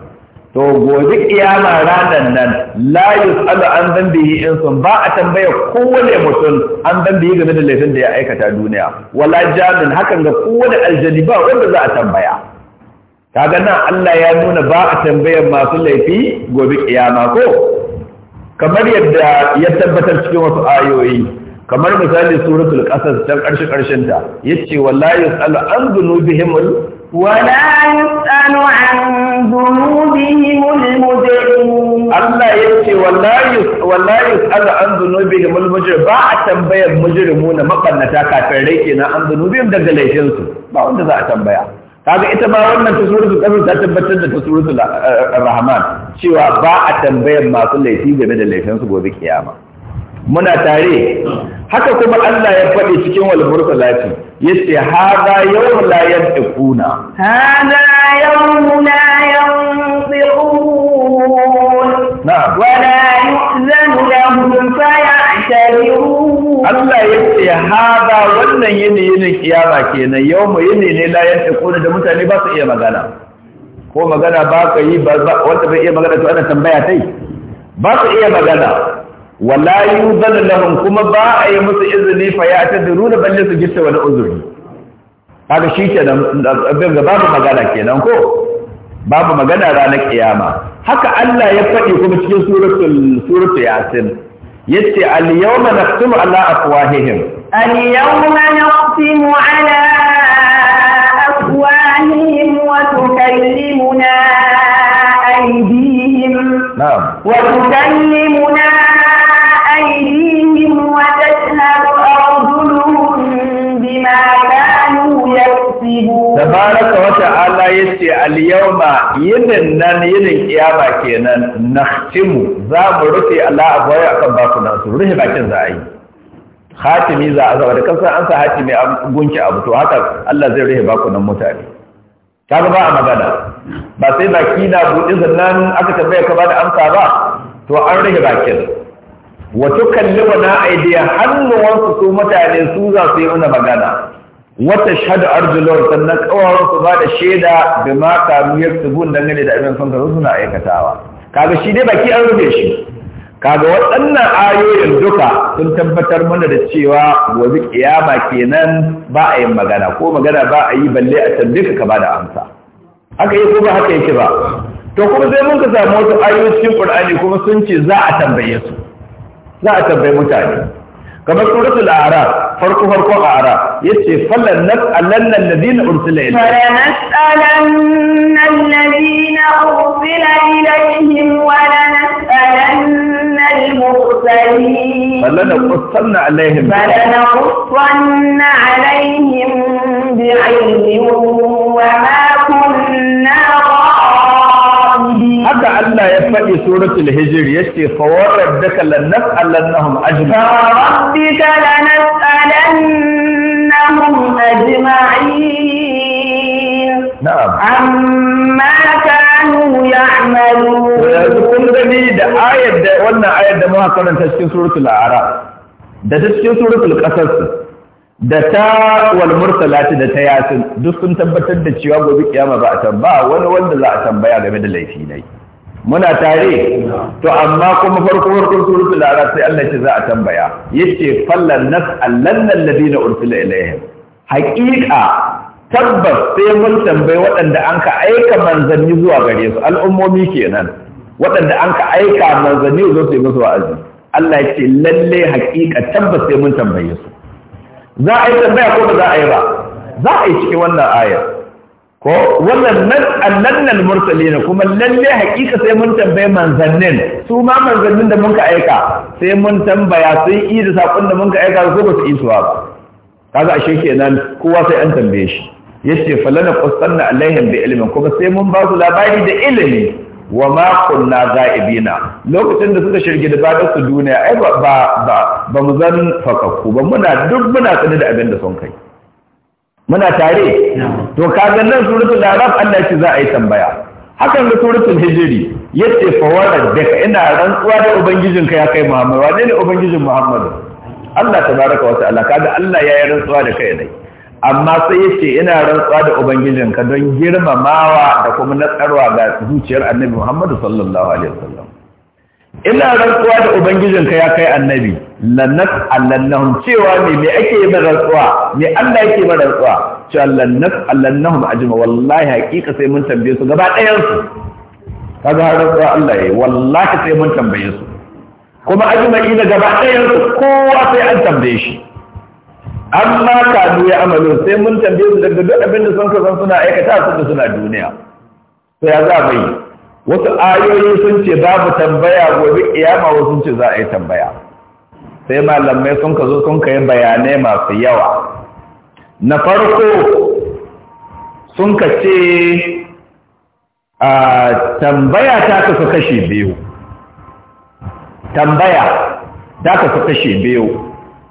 to gobe kiyama ranan nan la yusalu an zambihi insun ba a tambaya wani mutum an zambihi game da laifin da ya aikata duniya wala jamin hakan ga kowane aljani ba wanda za a tambaya kaga nan Allah ya nuna ba a tambayar masu laifi gobe kiyama ko kamar yadda ya tabbatar cikin wasu ayoyi kamar misali suratul qasas ta karshe karshen ta yace wallahi yasalu an dhunubihim wala yasalu an dhunubihim almujrimin Allah yace wallahi wallahi yasalu an dhunubihim almujrim ba a tambayar mujrimuna mabannata kafirai kenan an dhunubihim daga laifinsu ba wanda za a tambaya kaga ita ba wannan ta suratul kafir ta tabbatar da ta suratul rahman cewa ba a tambayar masu laifi game da laifinsu gobe kiyama muna tare haka kuma Allah ya faɗi cikin wal mursalati yace hada yawm la yantiquna hada yawm la yantiqun na wala yu'zanu lahum fa ya'tabiru Allah ya ce haɗa wannan yini yinin kiyama kenan yau mu yini ne la yanta ko da mutane ba su iya magana ko magana ba ka yi ba wanda bai iya magana to ana tambaya tai ba su iya magana wala yuzal lahum kuma ba a yi musu izini fa ya tadruna balle su gitta wani uzuri kaga shi kenan abin babu magana kenan ko babu magana ranar kiyama haka Allah ya faɗi kuma cikin suratul suratul yasin yace al-yawma naqtimu ala afwahihim al-yawma naqtimu ala afwahihim wa tukallimuna aydihim na'am wa tukallimuna tabaraka wa ta'ala yace al-yawma yinin nan yinin kiyama kenan nakhtimu za mu rufe Allah abawai akan bakunan su rufe bakin za a yi hatimi za a zaba da kansa an sa hatimi a gunki abu to haka Allah zai rufe nan mutane kaga ba a magana ba sai baki na buɗe zannan aka tambaya ka ba da amsa ba to an rufe bakin wa tukallimuna idea hannuwansu su mutane su za su yi magana wata shahada arjulon sannan kawawan su ba da shaida da ma kamiyar tubun dangane da abin sun suna aikatawa kaga shi dai baki an rufe shi kaga waɗannan ayoyin duka sun tabbatar mana da cewa gobe ƙiyama kenan ba a yin magana ko magana ba a yi balle a tambaye ka ba da amsa haka yi ko ba haka yake ba to kuma sai mun ka samu wasu ayoyin cikin ƙur'ani kuma sun ce za a tambaye su za a tambaye mutane kamar suratul a'raf farko farko a'raf yace falan nas'alanna alladhina ursila ilayhim falan nas'alanna alladhina ursila ilayhim wa la nas'alanna al-mursalin falan naqussanna alaihim falan naqussanna alaihim bi'ilmin wa ma kunna Allah ya faɗi suratul hijr yace fa warabbika lanas'alannahum ajma'in fa rabbika lanas'alannahum ajma'in na'am amma kanu ya'malun yanzu kun gani da ayar da wannan ayar da muka karanta cikin suratul a'raf da ta cikin suratul qasas da ta wal mursalati da ta yasin duk sun tabbatar da cewa gobe kiyama ba a tambaya wani wanda za a tambaya game da laifi nayi muna tare to amma kuma farko farkon suratul lara sai Allah ce za a tambaya yace fallan nas allanna alladina ursila ilaihim haqiqa tabbas sai mun tambayi waɗanda an ka aika manzanni zuwa gare su al'ummomi kenan waɗanda an ka aika manzanni zuwa su yi musu wa'azi Allah ya ce lalle haqiqa tabbas sai mun tambaye su za a yi tambaya ko ba za a yi ba za a yi cikin wannan ayar ko wannan nan annannal mursalina kuma lalle hakika sai mun tambaye manzannin su ma manzannin da mun ka aika sai mun tambaya sun yi da sakon da mun ka aika ko ba su suwa ba kaga ashe kenan kowa sai an tambaye shi yace falana qasanna alaihim bi ilmin kuma sai mun ba su labari da ilimi wa ma kunna ga'ibina lokacin da suka shirge da bada su duniya ai ba ba ba mu zan fakakku ba muna duk muna tsada da abin da sun kai muna tare to ga nan suratul araf Allah ce za a yi tambaya hakan da suratul hijri yace fa wala daka ina rantsuwa da ubangijin ka ya kai Muhammad wane ne ubangijin Muhammad Allah tabaraka wa ta'ala kaga Allah ya yi rantsuwa da kai dai amma sai yace ina rantsuwa da ubangijin ka don girmamawa da kuma natsarwa ga zuciyar Annabi Muhammad sallallahu alaihi wasallam ina rantsuwa da ubangijin ka ya kai Annabi Lannas allannahum cewa ne me ake yi tsuwa me Allah yake ba tsuwa cewa lannas allannahum ajma wallahi haƙiƙa sai mun tambaye su gaba ɗayan su kaga har rantsuwa Allah yayi wallahi sai mun tambaye su kuma yi da gaba ɗayan su kowa sai an tambaye shi amma kadu ya amalo sai mun tambaye su daga duk abin da sun san suna aikata su da suna duniya to ya za bai wasu ayoyi sun ce babu tambaya gobe kiyama wasu sun ce za a yi tambaya sai malamai sun ka zo sun ka yi bayanai masu yawa na farko sun ka ce a tambaya ta kasu kashe biyu tambaya ta kasu kashe biyu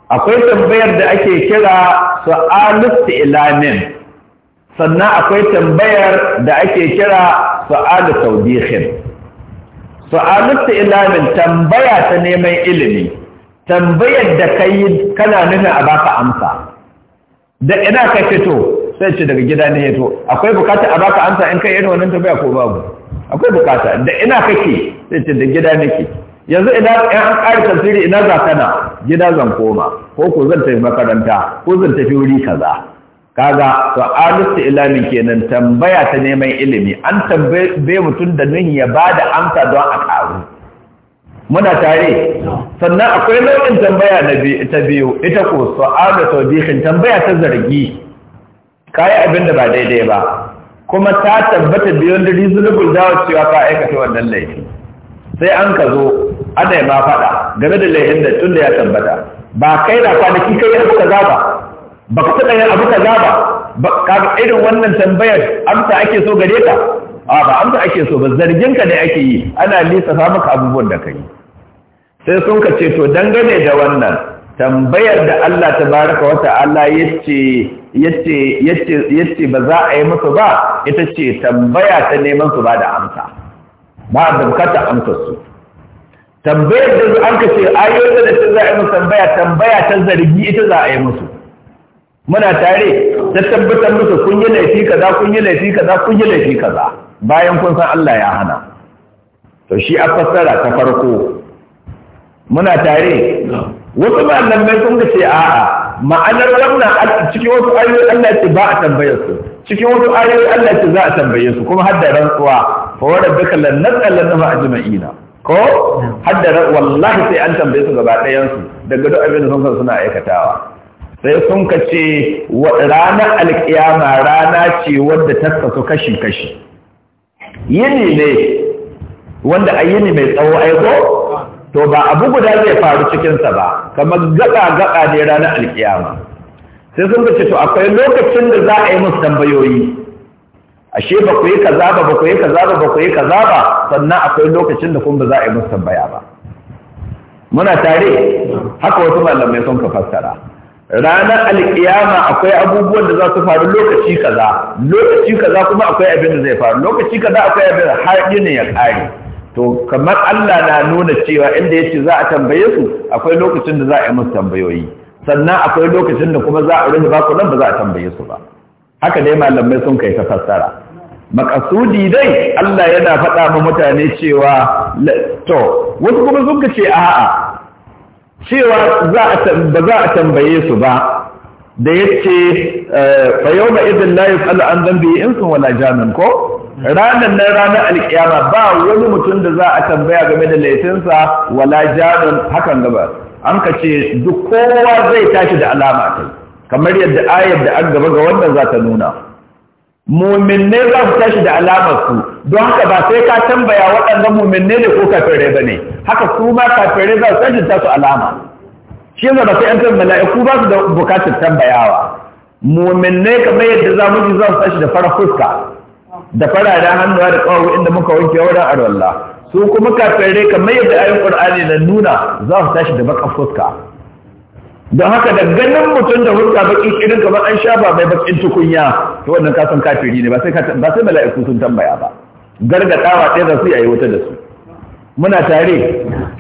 akwai tambayar da ake kira su'alus ilamin sannan akwai tambayar da ake kira su'alu tawdihin ilamin tambaya ta neman ilimi tambayar da ka yi kana nuna a baka amsa da ina ka fito sai ce daga gida ne ya to akwai bukata a baka amsa in kai irin wannan tambaya ko babu akwai bukata da ina kake sai ce da gida nake yanzu ina an ƙara tafsiri ina za kana gida zan koma ko ko zan tafi makaranta ko zan tafi wuri kaza kaga to alusta ilamin kenan tambaya ta neman ilimi an tambaye mutum da nuhi ya bada amsa don a karu muna tare sannan akwai nau'in tambaya ta biyu ita ko su'alu tawbihin tambaya ta zargi kai abin da ba daidai ba kuma ta tabbata beyond reasonable dawa cewa ka aikata wannan laifi sai an ka zo ana ma faɗa game da laifin da tun da ya tabbata ba kai na kwanaki kai abu kaza ba ba ka taɓa yin abu kaza ba kaga irin wannan tambayar amsa ake so gare ka a ba amsa ake so ba zargin ka ne ake yi ana lissafa maka abubuwan da ka yi sai sun ka ce to dangane da wannan tambayar da Allah ta wa wata yace yace yace yace ba za a yi musu ba ita ce tambaya ta neman su ba da amsa ba da bukata amsa su tambayar da an ka ce ayoyin da ta za a yi musu tambaya tambaya ta zargi ita za a yi musu muna tare ta tabbatar musu kun yi laifi kaza kun yi laifi kaza kun yi laifi kaza bayan kun san Allah ya hana to shi a fassara ta farko muna tare wasu mai sun ce ce a'a ma'anar wannan cikin wasu ayoyi Allah ce ba a tambaye su cikin wasu ayoyi Allah ce za a tambaye su kuma hadda rantsuwa fa wa rabbika lan nasallanna ajma'ina ko hadda wallahi sai an tambaye su gaba ɗayan su daga duk abin da sun san suna aikatawa sai sun ka ce ranar alkiyama rana ce wadda ta kasu kashi kashi yini ne wanda ayyini mai tsawo aiko to ba abu guda zai faru cikinsa ba kamar gaɗa-gaɗa ne ranar alkiyama sai sun ce to akwai lokacin da za a yi musu tambayoyi ashe ba ku yi kaza ba ba ku yi kaza ba ba ku yi kaza ba sannan akwai lokacin da kun ba za a yi musu tambaya ba muna tare haka wasu malamai sun ka fassara ranar alkiyama akwai abubuwan da za su faru lokaci kaza lokaci kaza kuma akwai abin da zai faru lokaci kaza akwai abin da har ya ƙare to kamar Allah na nuna cewa inda yace za a tambaye su akwai lokacin da za a yi musu tambayoyi sannan akwai lokacin da kuma za a rufe ba ku nan ba za a tambaye su ba haka dai malamai sun kai ta fassara makasudi dai Allah yana faɗa ma mutane cewa to wasu kuma sun ce a'a cewa za a ba za a tambaye su ba da yace eh, fa yawma idin la yusalu an dhanbi insun wala janan ko ranar nan ranar alkiyama ba wani mutum da za a tambaya game da laifinsa wala jarin hakan gaba an ka ce duk kowa zai tashi da alama kai kamar yadda ayar da an gaba ga wannan za ta nuna muminne za su tashi da alamar su don haka ba sai ka tambaya waɗannan muminne ne ko kafirai ba ne haka su ma kafirai za su tashi tasu alama shi yanzu ba sai an tambaya mala'iku ba su da bukatar tambayawa muminne kamar yadda za mu ji za su tashi da farar fuska da da hannuwa da kawo inda muka wanke wurin arwalla su kuma ka kamar yadda ayin qur'ani na nuna za su tashi da baka fuska don haka da ganin mutum da hulka baki kirin kamar an ba mai bakin tukunya to wannan ka san kafiri ne ba sai ba sai mala'iku sun tambaya ba gargadawa ɗaya za su yi wuta da su muna tare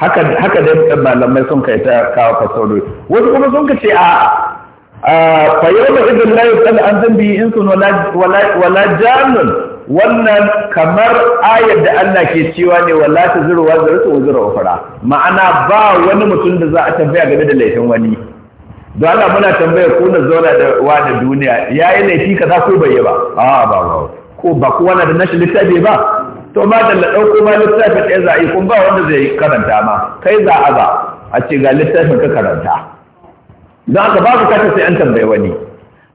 haka haka da malamai sun kai ta kawo fasauri wasu kuma sun ce a fa da idan la yusal an zambi in sun wala wala wannan kamar ayar da Allah ke cewa ne wala ta zuru wa zuru ta ufara ma'ana ba wani mutum da za a tambaya game da laifin wani don Allah muna tambaya ko na zauna da wa da duniya yayi laifi kaza ko bai yi ba a ba ba ko ba ko wani da nashi littafi ba to ma da ko ma littafin ɗaya za a yi kun ba wanda zai karanta ma kai za a ba a ce ga littafin ka karanta don haka babu kata sai an tambaye wani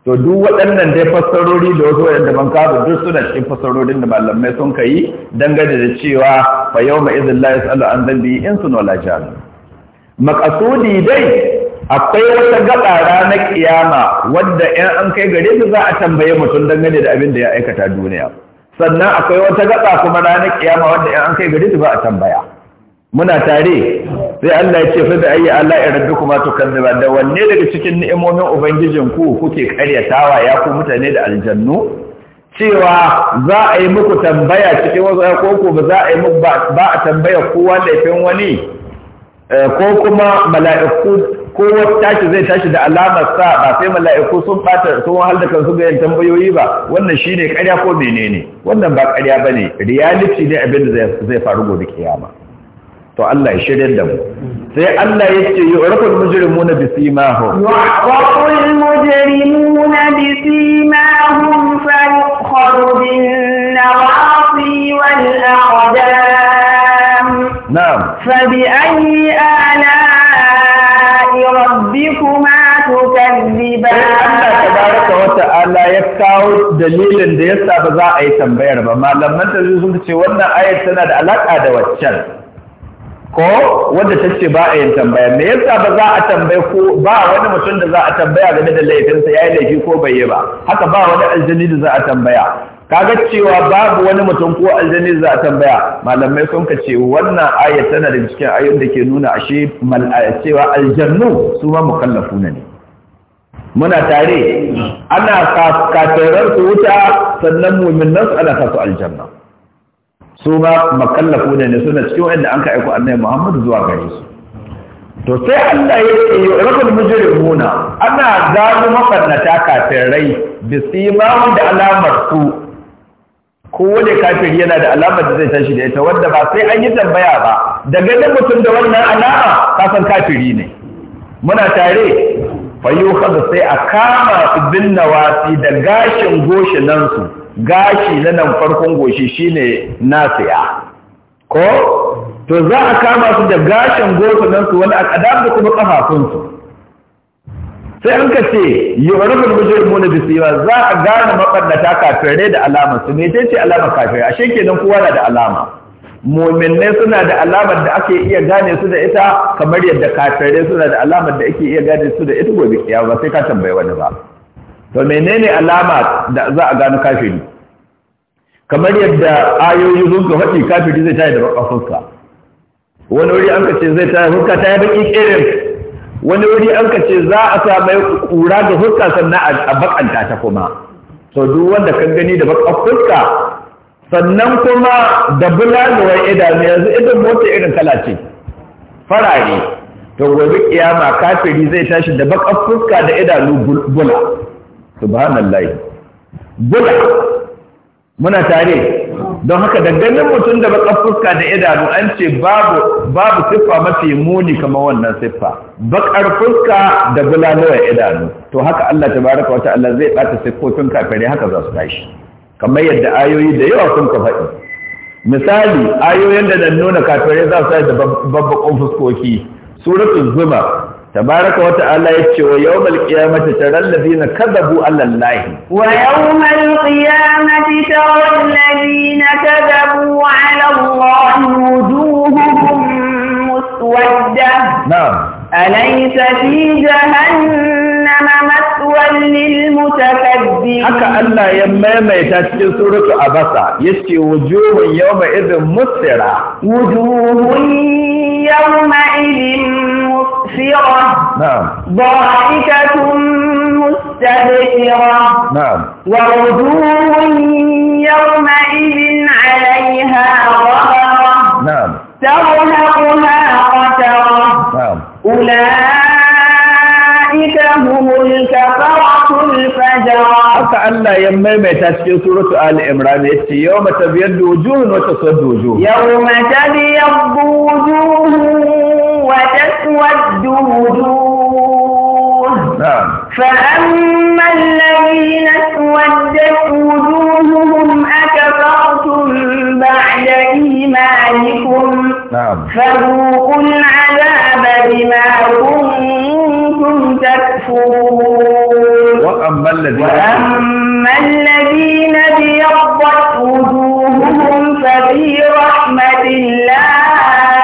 to duk waɗannan dai fassarori da wasu waɗanda ban kafa duk suna cikin fassarorin da malamai sun ka yi dangane da cewa fa yau ma izin la yasalu an zambi in su nola jami makasudi dai akwai wata gaba ranar kiyama wadda 'yan an kai gare su za a tambaye mutum dangane da abin da ya aikata duniya sannan akwai wata gaba kuma ranar ƙiyama wadda 'yan an kai gare su ba a tambaya muna tare sai Allah ya ce fa da ayi Allah ya rabbi kuma to kan da wanne daga cikin ni'imomin ubangijin ku kuke karyatawa ya ku mutane da aljannu cewa za a yi muku tambaya cikin wasu ko ko ba za a yi muku ba a tambaya kowa laifin wani eh, ko kuma mala'iku ko tashi zai tashi da alama sa ba sai mala'iku sun bata sun da kansu ga yin tambayoyi ba wannan shine ƙarya ko menene wannan ba karya bane reality ne abin da zai faru gobe kiyama to Allah ya shirya da mu sai Allah ya ce yu'raful mujrimuna bi simahum yu'raful mujrimuna bi simahum fa yukhadu bin nawasi wal aqdam na'am fa bi ayyi ala'i rabbikuma tukazziban Allah tabaraka wa ta'ala ya kawo dalilin da yasa ba za a yi tambayar ba malaman tafsir sun ce wannan ayat tana da alaka da waccan ko wanda ta ce ba a yin tambaya me yasa ba za a tambaye ko ba wani mutum da za a tambaya game da laifinsa ya yi laifi ko bai yi ba haka ba wani aljani da za a tambaya kaga cewa babu wani mutum ko aljani za a tambaya malamai sun ka ce wannan aya tana da cikin ayoyin da ke nuna ashe cewa aljannu su ma na ne muna tare ana kafirar su wuta sannan mu'minan su ana kasu su aljanna su ba makallafu ne ne suna cikin wanda an ka aiko annabi Muhammad zuwa gare su to sai Allah ya ce yakul mujrimuna ana gano mafannata kafirai bi simamu da alamar su kowane kafiri yana da alamar da zai tashi da ita wanda ba sai an yi tambaya ba daga da mutum da wannan alama kasan kafiri ne muna tare fayyukhadhu sai a kama ibn nawasi da gashin goshinansu gashi na nan farkon goshi shine nasiya ko to za a kama su da gashin nan su wani akadam da kuma kafafunsu. su sai an ka ce yu'riful mona da siwa za a gane mabannata kafirai da alama su me ce alama kafirai ashe kenan kowa na da alama mu'minai suna da alamar da ake iya gane su da ita kamar yadda kafirai suna da alamar da ake iya gane su da ita gobe ya ba sai ka tambaye wani ba to menene alama da za a gano kafiri kamar yadda ayoyi sun ka faɗi kafiri zai tayi da baƙar fuska wani wuri an ka ce zai tayi fuska ta yi baƙi ƙirin wani wuri an ka ce za a sa mai ƙura ga fuska sannan a baƙanta ta kuma to duk wanda kan gani da baƙar fuska sannan kuma da bulalowar idanu yanzu idan mota irin kala ce farare to gobe kiyama kafiri zai tashi da baƙar fuska da idanu bula subhanallahi bula muna tare don haka ganin mutum da baka fuska da idanu an ce babu babu siffa mafi muni kamar wannan siffa bakar fuska da bulalowar idanu to haka Allah tabaraka wa ta'ala zai bata siffofin kafirai haka za su tashi kamar yadda ayoyi da yawa sun ka faɗi misali ayoyin da nuna kafirai za su tashi da babbakon fuskoki suratul zuma تبارك وتعالى يتشوى يوم القيامة ترى الذين كذبوا على الله ويوم القيامة ترى الذين كذبوا على الله وجوههم مسودة نعم أليس في جهنم مسوى للمتكبرين حكى الله يمام يتشكي سورة أبسا يتشي وجوه يومئذ مسرة وجوه يومئذ مؤثرة نعم ضائكة مستهجرة نعم ووجوه يومئذ عليها غبرة نعم ترهقها قترة نعم أولئك هم الكفرة الفجرة حتى ألا يمي في سورة آل إمران يوم تبيض وجوه وتصد وجوه يوم تبيض وجوه وتسود وجوه نعم فأما الذين اسودت وجوههم أكفرتم بعد إيمانكم نعم فذوقوا العذاب بما كنتم تكفرون وأما الذين وأما الذين ابيضت وجوههم ففي رحمة الله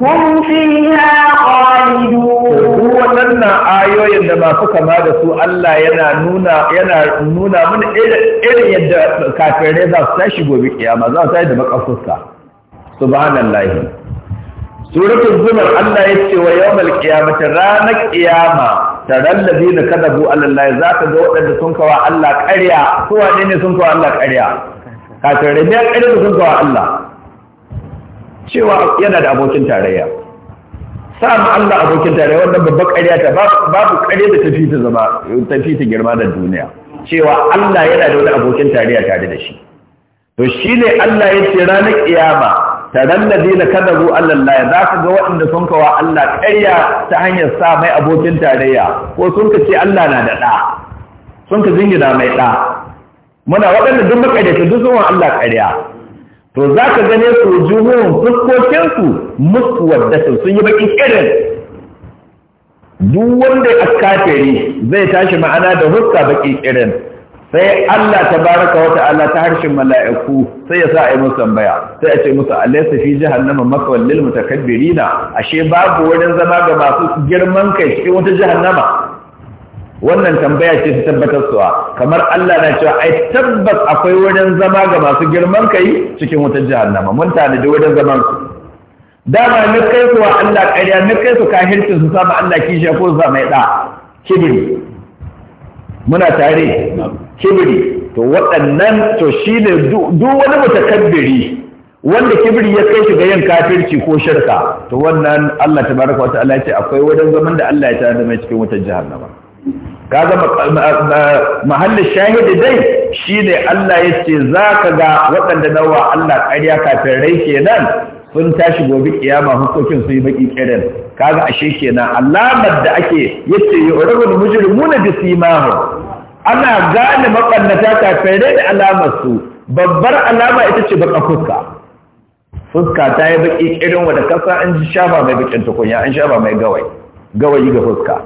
hum fiha khalidun wannan ayoyin da masu kama da su Allah yana nuna yana nuna mana irin yadda kafirai za su tashi gobe kiyama za su tashi da makafuska subhanallahi suratul zumar Allah ya ce wa yawmal qiyamati ranar qiyama taron da biyu da kada bu Allah za ka ga waɗanda sun kawa Allah ƙarya ko wane ne sun kawa Allah ƙarya kafin rabi ƙarya sun kawa Allah cewa yana da abokin tarayya Sa'an Allah abokin tarayya wannan babban ƙarya ta babu ƙarya da tafi ta zama tafi ta girma da duniya cewa Allah yana da wani abokin tarayya tare da shi to shi ne Allah ya ce ranar kiyama kada zuwa kadabu allallahi za ka ga waɗanda sun kawa Allah ƙarya ta hanyar sa mai abokin tarayya ko sun ka ce Allah na da ɗa sun ka jingina mai ɗa muna waɗanda duk makaidata duk sun wa Allah ƙarya to za ka gane su juhun fuskokinsu muswaddatun sun yi baƙin irin duk wanda ya kafiri zai tashi ma'ana da huska baƙin irin sai Allah ta baraka wata Allah ta harshen mala'iku sai ya sa a yi musu tambaya sai a ce musu alaysa fi jahannama maswal ta mutakabbirina ashe babu wurin zama ga masu girman kai cikin wata jihannama? wannan tambaya ce ta tabbatar suwa kamar Allah na cewa ai tabbas akwai wajen zama ga masu girman kai cikin wutar jahannama mun tanadi wajen zaman su dama na kai su wa Allah ƙarya na kai su kahircin su sama Allah kishiya ko su mai da kibiri muna tare kibiri to waɗannan to shi ne duk wani mutakabbiri wanda kibiri ya kai shi ga yin kafirci ko shirka to wannan Allah tabaraka wa ta'ala ya ce akwai wajen zaman da Allah ya tanada mai cikin wutar jahannama kaga mahallin shahidi dai shine Allah yace zaka ga waɗanda nawa Allah ƙarya kafin rai kenan sun tashi gobe kiyama hukuncin su yi baki kiran kaga ashe kenan alamar da ake yace yurabul mujrimuna bisimahu ana gane mabannata kafin rai da alamar su babbar alama ita ce baka fuska fuska ta yi baki kiran wanda kasa an shafa mai bakin tukunya an shafa mai gawai gawai ga fuska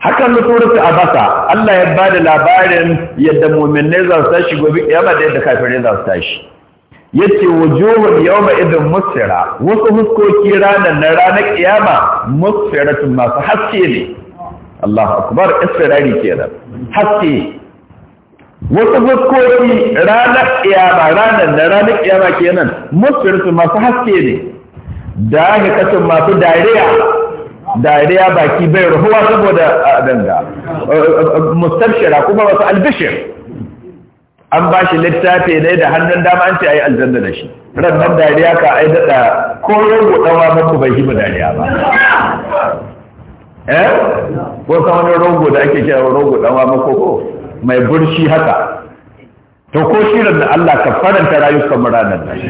hakan da a abasa Allah ya bada labarin yadda mu'minai za su tashi gobe kiyama da yadda kafirai za su tashi yace wujuhun yawma idin musfira wasu huskoki ranar na ranar kiyama musfiratun masu haske ne Allahu akbar isfirari kenan haske wasu huskoki ranar kiyama ranar na ranar kiyama kenan musfiratun masu haske ne dahikatun masu dariya dariya baki bai ruhuwa saboda ganga mustabshira kuma wasu albishir an ba shi littafi ne da hannun dama an ce a yi aljanna da shi rannan dariya ka ai daɗa ko rungu ɗawa muku bai hiba dariya ba eh ko san wani rogo da ake kira rogo ɗawa muku ko mai burshi haka to ko shirin da Allah ka faranta rayuwar ranar nan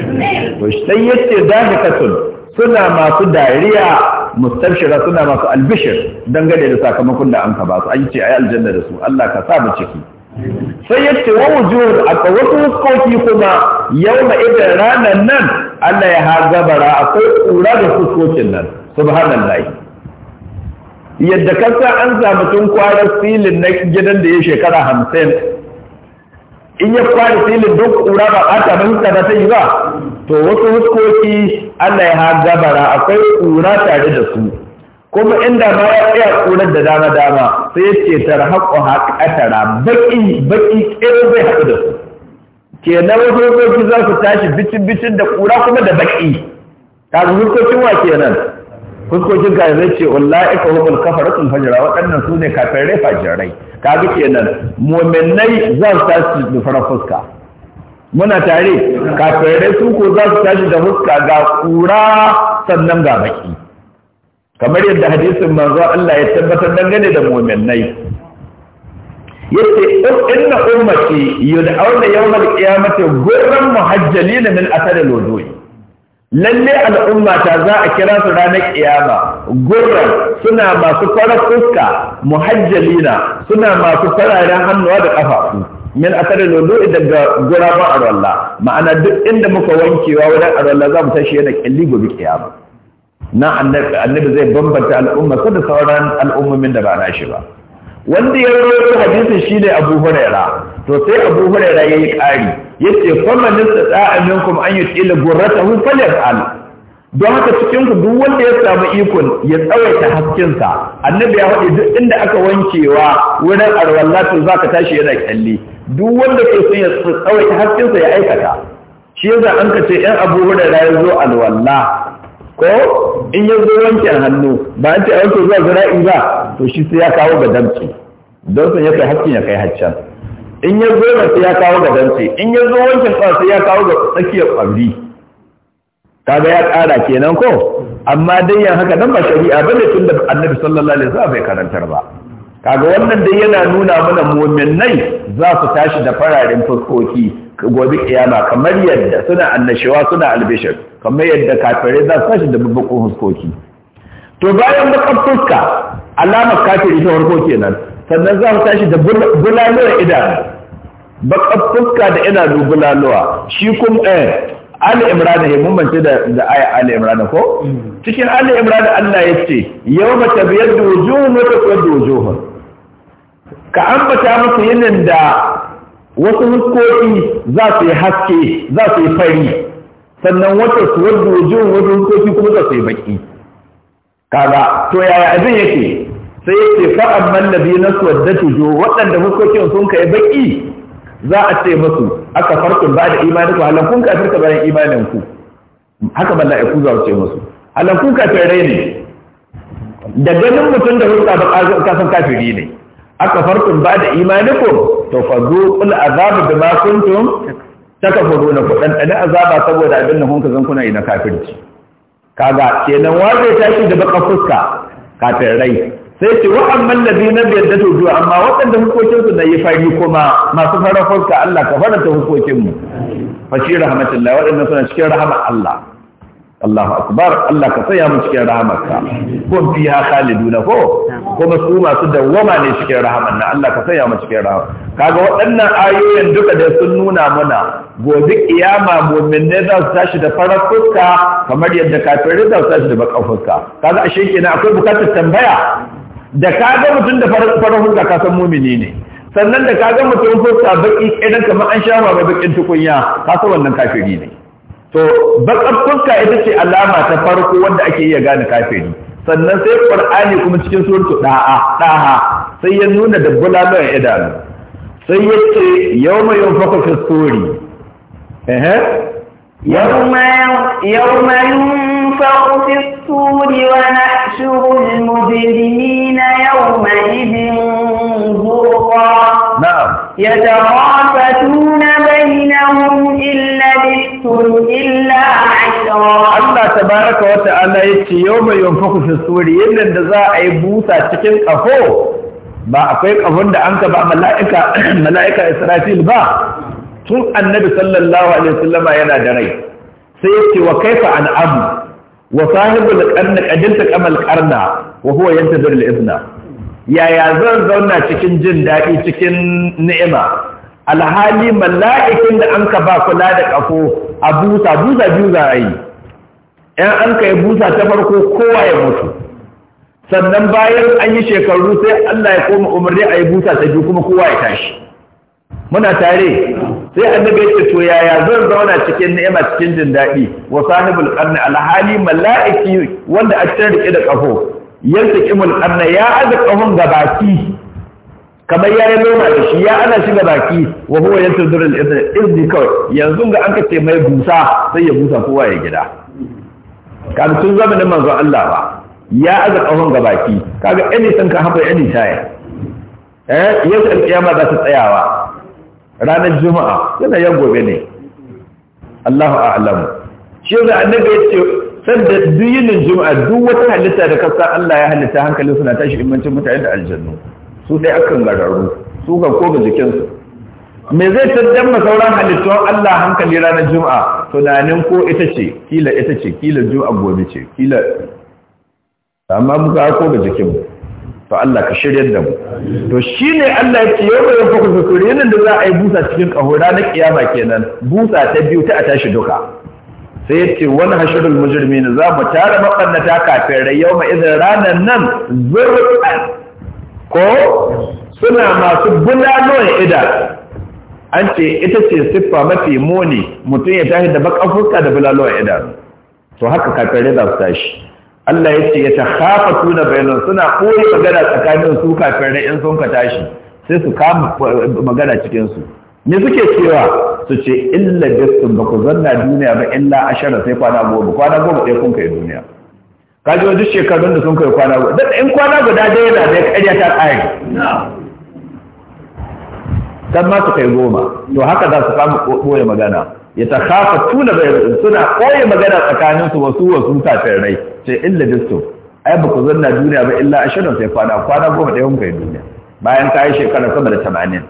to sai yace dalikatun suna masu dariya mustabshira suna masu albishir dangane da sakamakon da an ka ba su an ce ayi aljanna da su Allah ka sa mu ciki sai ya ce wa wujuhun a kawasu fuskoki kuma yau na idan ranar nan Allah ya hagabara akwai kura da fuskokin nan subhanallahi yadda kasa an samu tun kwarar filin na gidan da ya shekara hamsin in ya kwari filin duk ƙura ba ɓata ba huska ba ta yi ba to wasu huskoki Allah ya gabara akwai ƙura tare da su kuma inda ma ya tsaya kurar da dama dama sai ya ce tarhaƙo haƙatara baƙi baƙi ƙero zai haɗu da su kenan wasu huskoki za su tashi bicin bicin da ƙura kuma da baƙi ta huskokin wa kenan fuskokin zai ce wallahi ka hukul kafaratun fajira waɗannan su ne kafirai fajirai ka ga kenan mu'minai za su tashi da farar fuska muna tare rai su ko za su tashi da fuska ga kura sannan ga baki kamar yadda hadisin manzo Allah ya tabbatar dangane da mu'minai yace inna ummati yud'auna al qiyamati ghurran muhajjalin min athar al-wudu'i lalle al'umma ta za a kira su ranar kiyama gurran suna masu farar fuska muhajjalina suna masu fararen hannuwa da ƙafafu min asar lulu daga gurabun arwalla ma'ana duk inda muka wankewa wajen arwalla za mu tashi yana kyalli gobe kiyama na annabi zai bambanta al'umma da sauran al'ummomin da ba na shi ba wanda ya hadisi hadisin shine Abu Huraira to sai Abu ya yi ƙari Ya ce yace faman tsa'amin kuma an yutila gurratahu al don haka cikin ku duk wanda ya samu ikon ya tsawaita haskinsa annabi ya haɗe duk inda aka wankewa wurin arwalla to ka tashi yana kyalli duk wanda ke son ya tsawaita haskinsa ya aikata shi yasa an ka ce yan Abu Huraira ya zo alwalla ko in ya zo wankin hannu ba an ce a wanke zuwa zira'i ba to shi sai ya kawo ga damci don sun ya kai hakkin ya kai haccan in ya zo sai ya kawo ga damci in ya zo wankin kwa sai ya kawo ga tsakiyar kwamri kaga ya kara kenan ko amma dai yan haka nan ba shari'a bane tun da annabi sallallahu alaihi wasallam bai karantar ba kaga wannan dai yana nuna mana mu'minai za su tashi da fararin fuskoki gobe kiyama kamar yadda suna annashawa suna albishir kamar yadda kafirai za su tashi da babban fuskoki to bayan baka fuska alama kafiri ta farko kenan sannan za su tashi da bulaluwa idan baka fuska da idanu bulaluwa shi kuma eh Ali Imran ya eh, mance da da aya Ali Imran ko mm. cikin Ali Imran Allah yace yawma tabyaddu wujuhun wa taswaddu wujuhun ka ambata musu yinin da wasu hukoki za su yi haske za su yi fari sannan wata su wadda wajen wajen hukoki kuma za su yi baki kaga to yaya abin yake sai yake fa na biyu na suwadda tujo waɗanda hukokin sun kai baki za a ce musu aka farkon ba da imanin ku halan kun kafir ka bayan imanin ku haka mala'iku za su ce musu halan kun kafir ne da ganin mutum da hulɗa ba kasan kafiri ne aka farkun ba da imanikum to fa da azab bima kuntum takfuruna na dan dan azaba saboda abin na kun kazan kuna yi na kafirci kaga kenan waje tashi da baka fuska kafin rai sai ce wa amman ladina bi yaddatu biyu amma waɗanda hukokin su da yi fari kuma masu fara fuska Allah ka faranta hukokin mu fashi shi waɗanda suna cikin rahama Allah Allahu akbar Allah ka tsaya mu cikin rahamarka ko biya khaliduna ko kuma su masu wama ne cikin rahamar nan Allah ka tsaya mu cikin rahama kaga waɗannan ayoyin duka da sun nuna mana gobe kiyama ne za su tashi da farar fuska kamar yadda kafirin za su tashi da bakar fuska kaga ashe kenan akwai bukatar tambaya da kaga mutum da farar fuska ka san mu'mini ne sannan da kaga mutum fuska baki kidan kamar an sha ma bakin tukunya ka san wannan kafiri ne to bakar fuska ita ce alama ta farko wanda ake iya gane kafiri sannan sai qur'ani kuma cikin suratu da'a da'a sai ya nuna da bulalan idanu sai yace yawma yunfaku fi suri eh yawma yawma yunfaku fi suri wa nahshuru al-mujrimina yawma idin zurqa na'am yatawafatuna bainahum illa Allah tabaraka wa ta'ala yace yawma yunfaku fi suri yadda da za a yi busa cikin kafo ba akwai kafon da an ka ba mala'ika mala'ika Israfil ba tun annabi sallallahu alaihi wasallama yana da rai sai yace wa kaifa an abu wa sahibul qarni qadilta kamal qarna wa huwa yantazir al-ibna yaya zan zauna cikin jin daɗi cikin ni'ima alhali mala'ikin da an ka ba kula da ƙafo a busa busa biyu za a yi ‘yan an ka yi busa ta farko kowa ya mutu sannan bayan an yi shekaru sai Allah ya koma umarni a yi busa ta biyu kuma kowa ya tashi muna tare sai annabi ya ce to yaya zan zauna cikin ni'ima cikin jin daɗi wa sahibul qarni alhali mala'iki wanda a cikin rike da ƙafo yansa kimul qarni ya aza ƙahon gabaki kamar ya yi noma da shi ya ana shi da baki wa huwa ya tudur izni kawai yanzu ga an kace mai busa sai ya busa kowa ya gida kaga tun zamanin manzon Allah ba ya aza kahon ga baki kaga any san ka hafa any taya eh yau alkiyama za ta tsayawa ranar juma'a yana yan gobe ne Allahu a'lamu shi da annabi ya ce sanda duk yinin juma'a duk wata halitta da kasa Allah ya halitta hankalin suna tashi imancin mutane da aljannu su sai akan gararru su kan ko jikinsu me zai taddamma sauran halittun Allah hankali ranar juma'a tunanin ko ita ce kila ita ce kila juma'a gobe ce kila amma muka ko ga jikinmu to Allah ka shiryar da mu to ne Allah ya ce yau ba yanku ku zukuri nan da za a yi busa cikin kaho ranar kiyama kenan busa ta biyu ta a tashi duka sai yace wani hashirul mujrimin za mu tara mabannata kafin rai yau ma idan ranar nan zurqan ko suna masu bulanuwan ida an ce ita ce siffa mafi muni mutum ya tashi da bakan fuska da bulaluwan ida to haka kafirai za su tashi Allah ya ce ya ta hafa tuna bayanan suna koyi magana tsakanin su kafirai in sun ka tashi sai su kama magana cikinsu ne suke cewa su ce illa bisun ba ku zanna duniya ba illa ashara sai kwana goma kwana goma sai kun kai duniya kaji wa duk shekarun da sun kai kwana guda da in kwana guda dai yana da ƙarya ta ƙari dan ma su kai goma to haka za su samu ɓoye magana ya ta kafa tuna bai suna ɓoye magana tsakaninsu wasu wasu kafin rai sai illa jisto ai ba ku zanna duniya ba illa ashirin sai kwana kwana goma ɗaya kun kai duniya bayan ka yi shekara sama da tamanin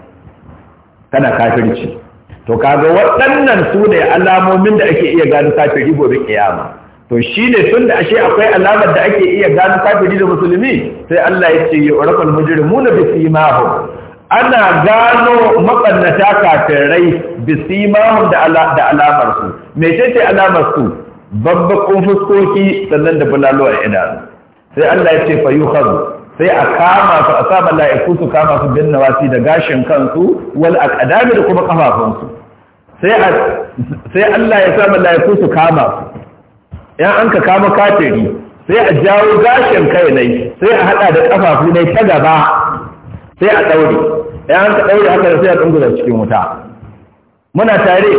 kana kafirci to kaga waɗannan su ne alamomin da ake iya gani kafiri gobe kiyama to shi ne tun da ashe akwai alamar da ake iya gano kafiri da musulmi sai Allah ya ce ya urakal mujrimuna bi simahu ana gano makannata kafirai bi simahu da da alamar su ce alamar su babbakun fuskoki sannan da bulaluwar idanu sai Allah ya ce fa sai a kama su a sa mala'iku su kama su bin nawasi da gashin kansu wal a da kuma kafafunsu sai Allah ya sa mala'iku su kama yan an ka kama kafiri sai a jawo gashin kai nai sai a hada da kafafu nai ta gaba sai a daure yan an ka daure haka sai a dungura cikin wuta muna tare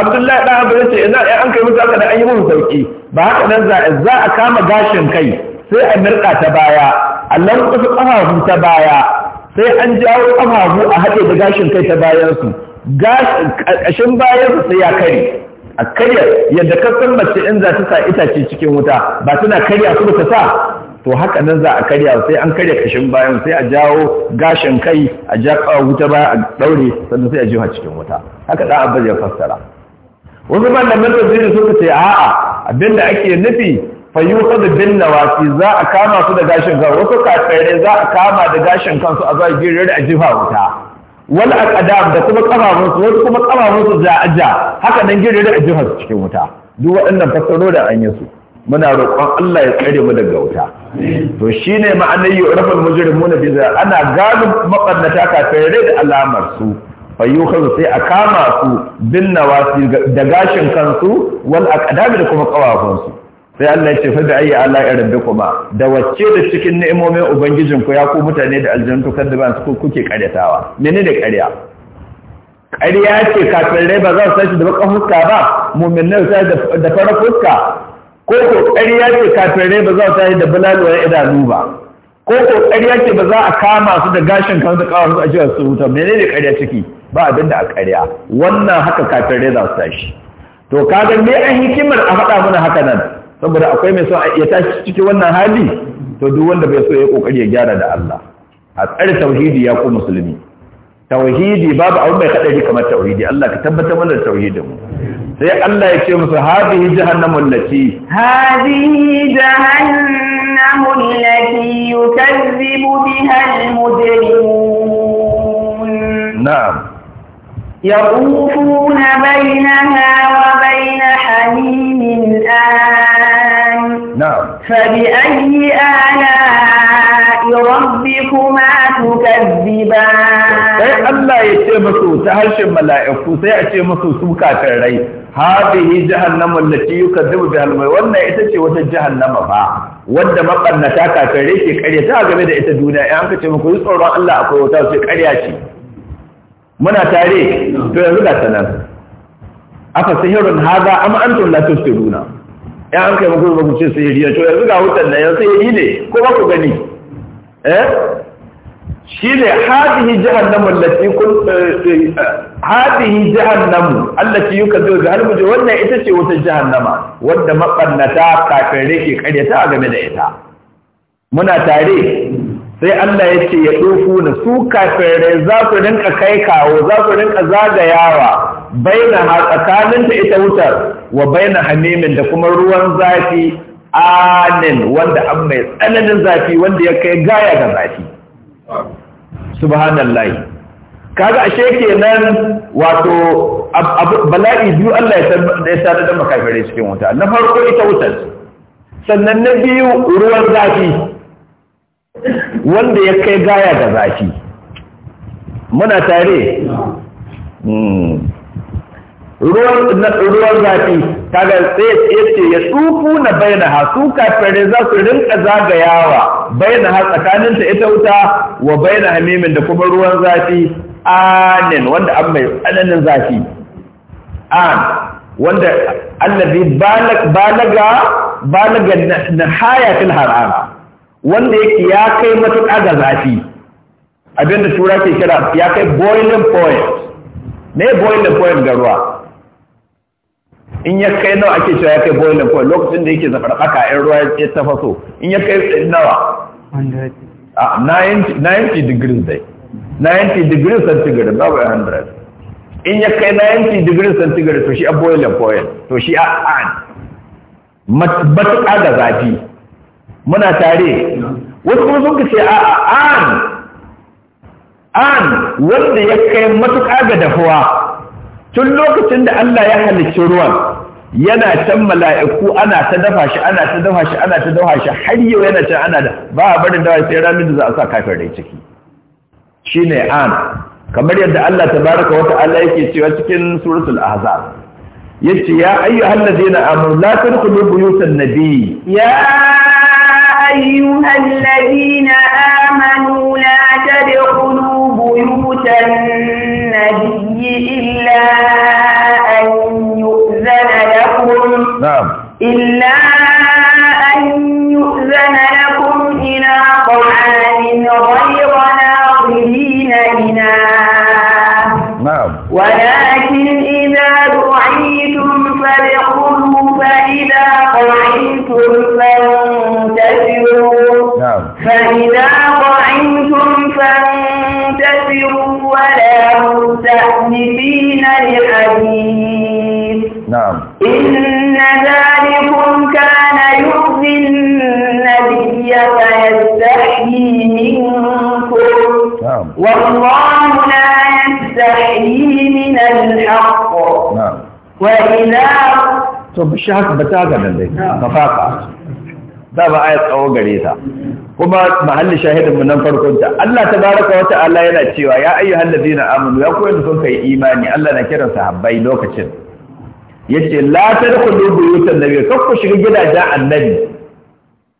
abdullahi dan abu yace ina ai an kai mutaka haka da an yi sauki ba haka nan za a kama gashin kai sai a mirka ta baya Allah ku kafafu ta baya sai an jawo kafafu a hade da gashin kai ta bayan su gashin bayan su sai ya kare a karyar yadda kasan mace in za ta sa itace cikin wuta ba tana karya su ba ta sa to haka nan za a karya sai an karya kashin bayan sai a jawo gashin kai a ja wuta baya a daure sannan sai a jiwa cikin wuta haka da a ya fassara wasu malaman tafsiri suka ce abin abinda ake nufi fayyukhadhu bin nawasi za a kama su da gashin kan wasu za a kama da gashin kansu a zai girar a jiwa wuta wal aqdam da kuma kafafun su wasu kuma kafafun su ja haka nan girgire a jihar cikin wuta duk waɗannan fassaro da an yi su muna roƙon Allah ya tsare mu daga wuta to shine ma'anar yurafal mujrimuna bi za ana gano makannata kafirai da alamar su fayyukan sai a kama su bin nawasi da gashin kansu wal aqdam da kuma kafafunsu sai Allah ya ce fada ayi ala rabbikuma da wacce da cikin ni'imomin ku ya ku mutane da aljantu ba su kuke karyatawa menene karya karya ce kafin dai ba za su tashi da bakan fuska ba mu'minai sai da fara fuska ko ko karya ce kafin dai ba za su tashi da bulalwar idanu ba ko ko karya ce ba za a kama su da gashin kan su kawo su a jiya su huta menene karya ciki ba abin da a karya wannan haka kafin dai za su tashi to kaga me an hikimar a faɗa mana haka nan saboda akwai mai so ya tashi cikin wannan hali to duk wanda bai so ya kokari ya gyara da Allah a tsare tauhidi ya ku musulmi tauhidi babu abin mai kadari kamar tauhidi Allah ka tabbatar mana da tauhidin mu sai Allah ya ce musu hadihi jahannamu allati hadihi jahannamu allati yukazzibu biha almujrimun na'am yaqufuna bainaha wa bain hamimin نعم فبأي آلاء ربكما تكذبان sai Allah ya ce musu ta harshen mala'iku sai a ce musu su kafirai hadihi jahannama allati yukazzibu biha al wannan ita ce wata jahannama ba wanda mabannata kafirai ke karyata game da ita duniya in aka ce muku yi tsoron Allah akwai wata sai karya ce muna tare to yanzu ga sanan haza ya an kai muku ba ku ce sihiri ya to yanzu ga wutan nan yanzu sihiri ne ko ba ku gani eh shi ne hadihi jahannamu allati kun eh, eh, hadihi jahannamu allati yukadiru bi halmuji wannan ita ce wutar jahannama wanda mabannata kafirai ke a game da ita muna tare sai Allah ya ce ya dofu na su kafirai za su rinka kai kawo za su rinka zagayawa baina ha tsakaninta ita wutar wa baina hamimin da kuma ruwan zafi anin wanda an mai tsananin zafi wanda ya kai gaya ga zafi subhanallah. kaga ashe kenan wato bala'i biyu Allah ya san da makafire cikin wuta na farko ita wutar sannan na biyu ruwan zafi wanda ya kai gaya ga zafi muna tare ruwan zafi kaga sai yace ya tsufu na baina ha su kafirai za su rinka zagayawa baina ha tsakanin ta ita wuta wa na hamimin da kuma ruwan zafi anin wanda an mai tsananin zafi an wanda allabi balaga balaga fil haram wanda yake ya kai matuƙa ga zafi abinda tura ke kira ya kai boiling point ne boiling point ga ruwa in ya kai nawa ake cewa ya kai boiling point lokacin da yake zafar zafarfaka yan ruwa ya tafaso in ya kai nawa 90 ah, degrees dai 90 degrees centigrade babu 100 in ya kai 90 degrees centigrade to shi a boiling point to shi a an matuƙa da zafi muna tare wasu kuma sun ce a an an wanda ya kai matuƙa ga dafuwa tun lokacin da Allah ya halicci ruwan yana can mala'iku ana ta dafa shi ana ta dafa shi ana ta dafa shi har yau yana can ana da ba a barin dawa sai ranar da za a sa kafin rai ciki shine an kamar yadda Allah tabaraka wa ta'ala yake cewa cikin suratul ahzab yace ya ayyuhal ladina amanu la tadkhulu buyutan nabiy ya ayyuhal ladina amanu la وإلى to ba shi haka ba ta haka nan dai mafaka za ba a yi tsawo gare ta kuma mahallin shahidin mu nan farkon ta Allah tabaraka wa ta'ala yana cewa ya ayyuhal ladina Aminu ya koyar da sun kai imani Allah na kiran sahabbai lokacin Ya yace la tadkhulu buyutan nabiy kar ku shiga gidajen annabi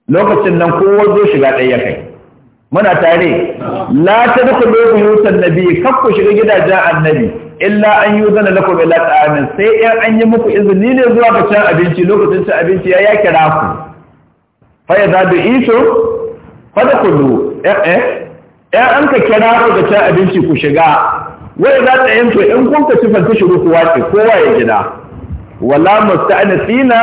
lokacin nan kowa zo shiga ɗaya ya kai muna tare la tadkhulu buyutan nabiy kar ku shiga gidajen annabi illa an yi zana bai ila ta'amin sai in an yi muku izini ne zuwa ga cin abinci lokacin cin abinci ya ya kira ku fa ya zabi isu fa da kullu eh, eh, eh an ka kira ku ga cin abinci ku shiga wai za ta yanto in kun ka ci fanta shiru ku wace kowa ya gida wala musta'nisina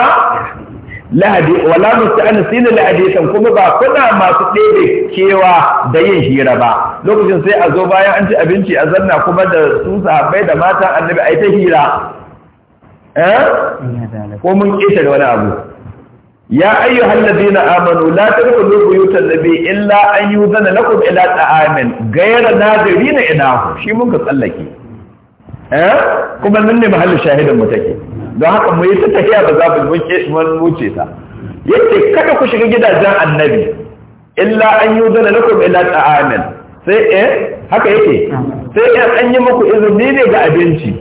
lahadi wala musta'anisin lahadisan kuma ba kuna masu ɗebe kewa da yin hira ba lokacin sai a zo bayan an ci abinci a zanna kuma da su sahabbai da mata annabi ai ta hira eh ko mun kishe da wani abu ya ayyuhal ladina amanu la tadkhulu buyutan nabi illa an yuzana lakum ila ta'amin ghayra nadirina ina shi mun ka tsallake eh kuma nan ne mahallin shahidan mu take don haka mu yi ta tafiya ba za mu mun wuce ta yace kada ku shiga gidajen annabi illa an yi yuzana lakum ila ta'amin sai eh haka yake sai in an yi muku izini ne ga abinci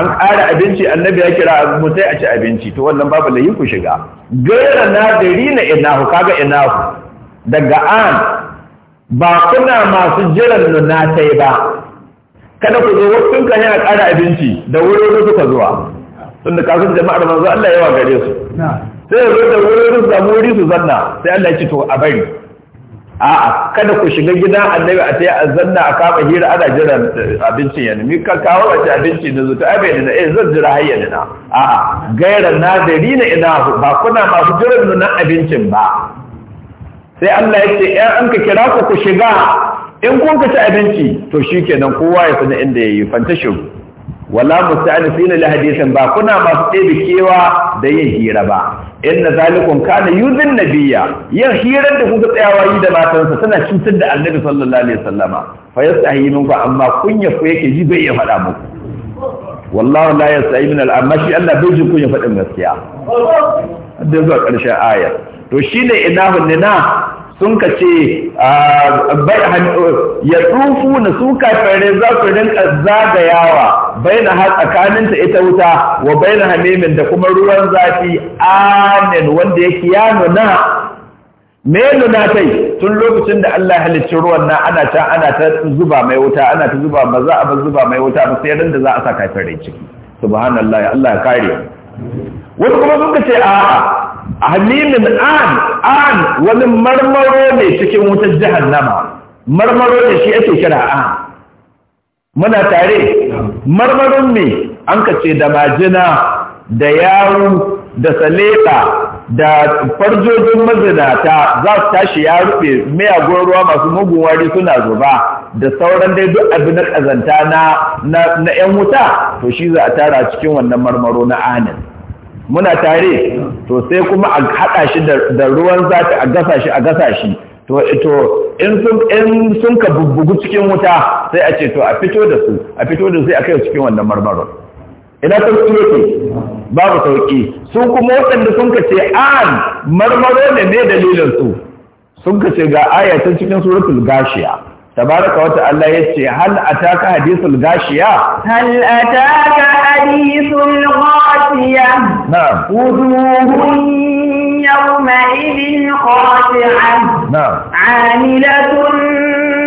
an ƙara abinci annabi ya kira mu sai a ci abinci to wannan babu layin ku shiga gaira nadirina inahu kaga inahu daga an ba kuna masu jiran nuna yi ba kada ku zo wasu kan yana ƙara abinci da wurin suka zuwa tunda jama'a jama'ar manzo Allah yawa gare su sai ya zo da wurin samu wuri su zanna sai Allah ya ce to a bari a'a kada ku shiga gidan annabi a tayi azanna a kama hira ana jira eh, abincin yana mi ka kawo a ci abinci na zuta abin da eh zan jira hayya na a'a gairan nadari na ina ba kuna masu jiran nan abincin ba sai Allah ya ce ɗan an ka kira ku ku shiga in kun ka ci abinci to shikenan kowa ya sani inda yayi fantashin wala musta'anifina li hadithin ba kuna masu ɗebe kewa da yin hira ba inna zalikum kana yuzin nabiyya yin hirar da kuka tsayawa yi da matansa tana cutar da annabi sallallahu alaihi wasallama fa yastahi minku amma kunya ku yake ji bai ya faɗa muku wallahu la yastahi min al shi Allah bai ji kunya faɗin gaskiya da zuwa ƙarshen aya to shine ina nina sun ka ce ah, ya tsufu na su kafirai za su rinka zagayawa bai na tsakaninta ita wuta wa bai na hamimin da kuma ruwan zafi anin wanda yake ya nuna me nuna kai tun lokacin da Allah halicci ruwan na ana ta ana ta zuba mai wuta ana ta zuba ba za a ba zuba mai wuta ba sai ran da za a sa kafirai ciki Allah ya kare wani kuma suka ce a hamimin an an wani marmaro ne cikin wutar jahannama marmaro ne shi ake kira a muna tare marmaron ne an ka ce da majina da yaro da saleta da farjojin mazinata za su tashi ya rufe mayagun ruwa masu mugun wari suna zuba da sauran dai duk abin da ƙazanta na 'yan wuta to shi za a tara cikin wannan marmaro na anin muna tare to sai kuma a haɗa shi da ruwan zafi a gasa shi a gasa shi to ito in sun in sun ka bubbugu cikin wuta sai a ce to a fito da su a fito da su sai a kai cikin wannan marmaron ina ta yake babu sauki su kuma waɗanda sun ka ce an marmaro ne ne dalilin su sun ka ce ga ayatun cikin suratul gashiya تبارك وتعالى الله يسي هل أتاك حديث الغاشية هل أتاك حديث الغاشية نعم وجوه يومئذ خاشعة نعم عاملة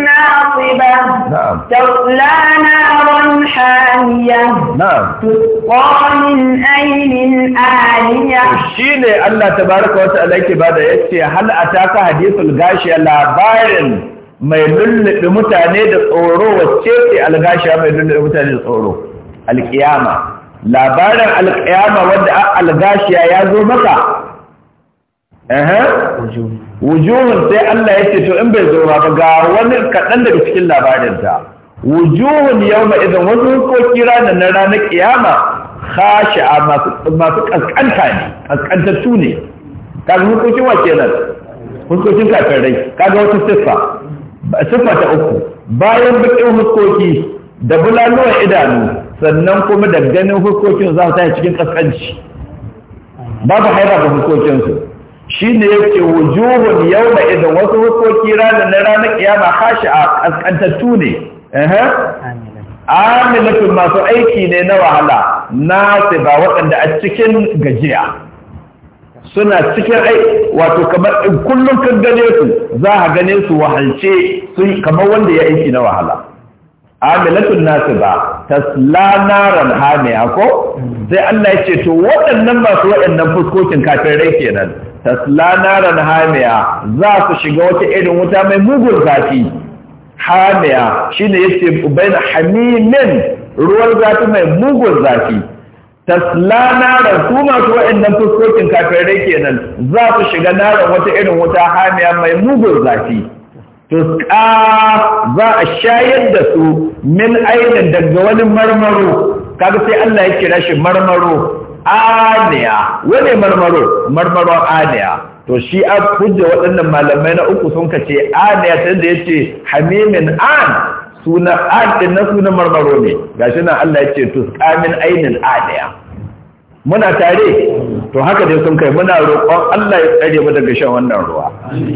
ناصبة نعم تصلى نارا حامية نعم تسقى من عين آلية الشيلة الله تبارك وتعالى الله يسي هل أتاك حديث الغاشية لا بايرن mai lullube mutane da tsoro wacce ce algashiya mai lullube mutane da tsoro alƙiyama labarin alƙiyama wanda an algashiya ya zo maka wujuhun sai Allah ya ce to in bai zo ba ga wani kaɗan daga cikin labarinta wujuhun yau ma idan wasu hukoki ranar na ranar ƙiyama khashi'a masu kaskanta ne kaskantattu ne kaga hukokin wa kenan hukokin kafirai kaga wata siffa sifa ta uku bayan bakin huskoki da bulaluwar idanu sannan kuma da ganin huskokin za su tashi cikin kaskanci babu haifar ga huskokinsu shi ne yake wujuhun yau da idan wasu hukoki ranar na ranar kiyama hashi a kaskantattu ne amilatun masu aiki ne na wahala na ba waɗanda a cikin gajiya suna cikin ai wato kamar kullum kan gane su za a gane su wahalce sun kamar wanda ya aiki na wahala amilatun nasu ba tasla naran hamiya ko sai Allah ya ce to waɗannan masu waɗannan fuskokin kafin rai kenan tasla naran hamiya za su shiga wata irin wuta mai mugun zafi hamiya shine yace ubaina hamimin ruwan zafi mai mugun zafi tasla naran su masu waɗannan fuskokin kafirai kenan za su shiga naran wata irin wuta hamiya mai mugun zafi tuska za a shayar da su min ainin daga wani marmaro kaga sai Allah ya kira shi marmaro aniya wani marmaro marmaro aniya to shi a hujja waɗannan malamai na uku sun kace aniya sai da yace hamimin an Suna adin na sunan marmaro ne ga shi nan Allah ya ce tuskamin ainin adaya muna tare to haka dai sun kai muna roƙon Allah ya tsare mu daga shan wannan ruwa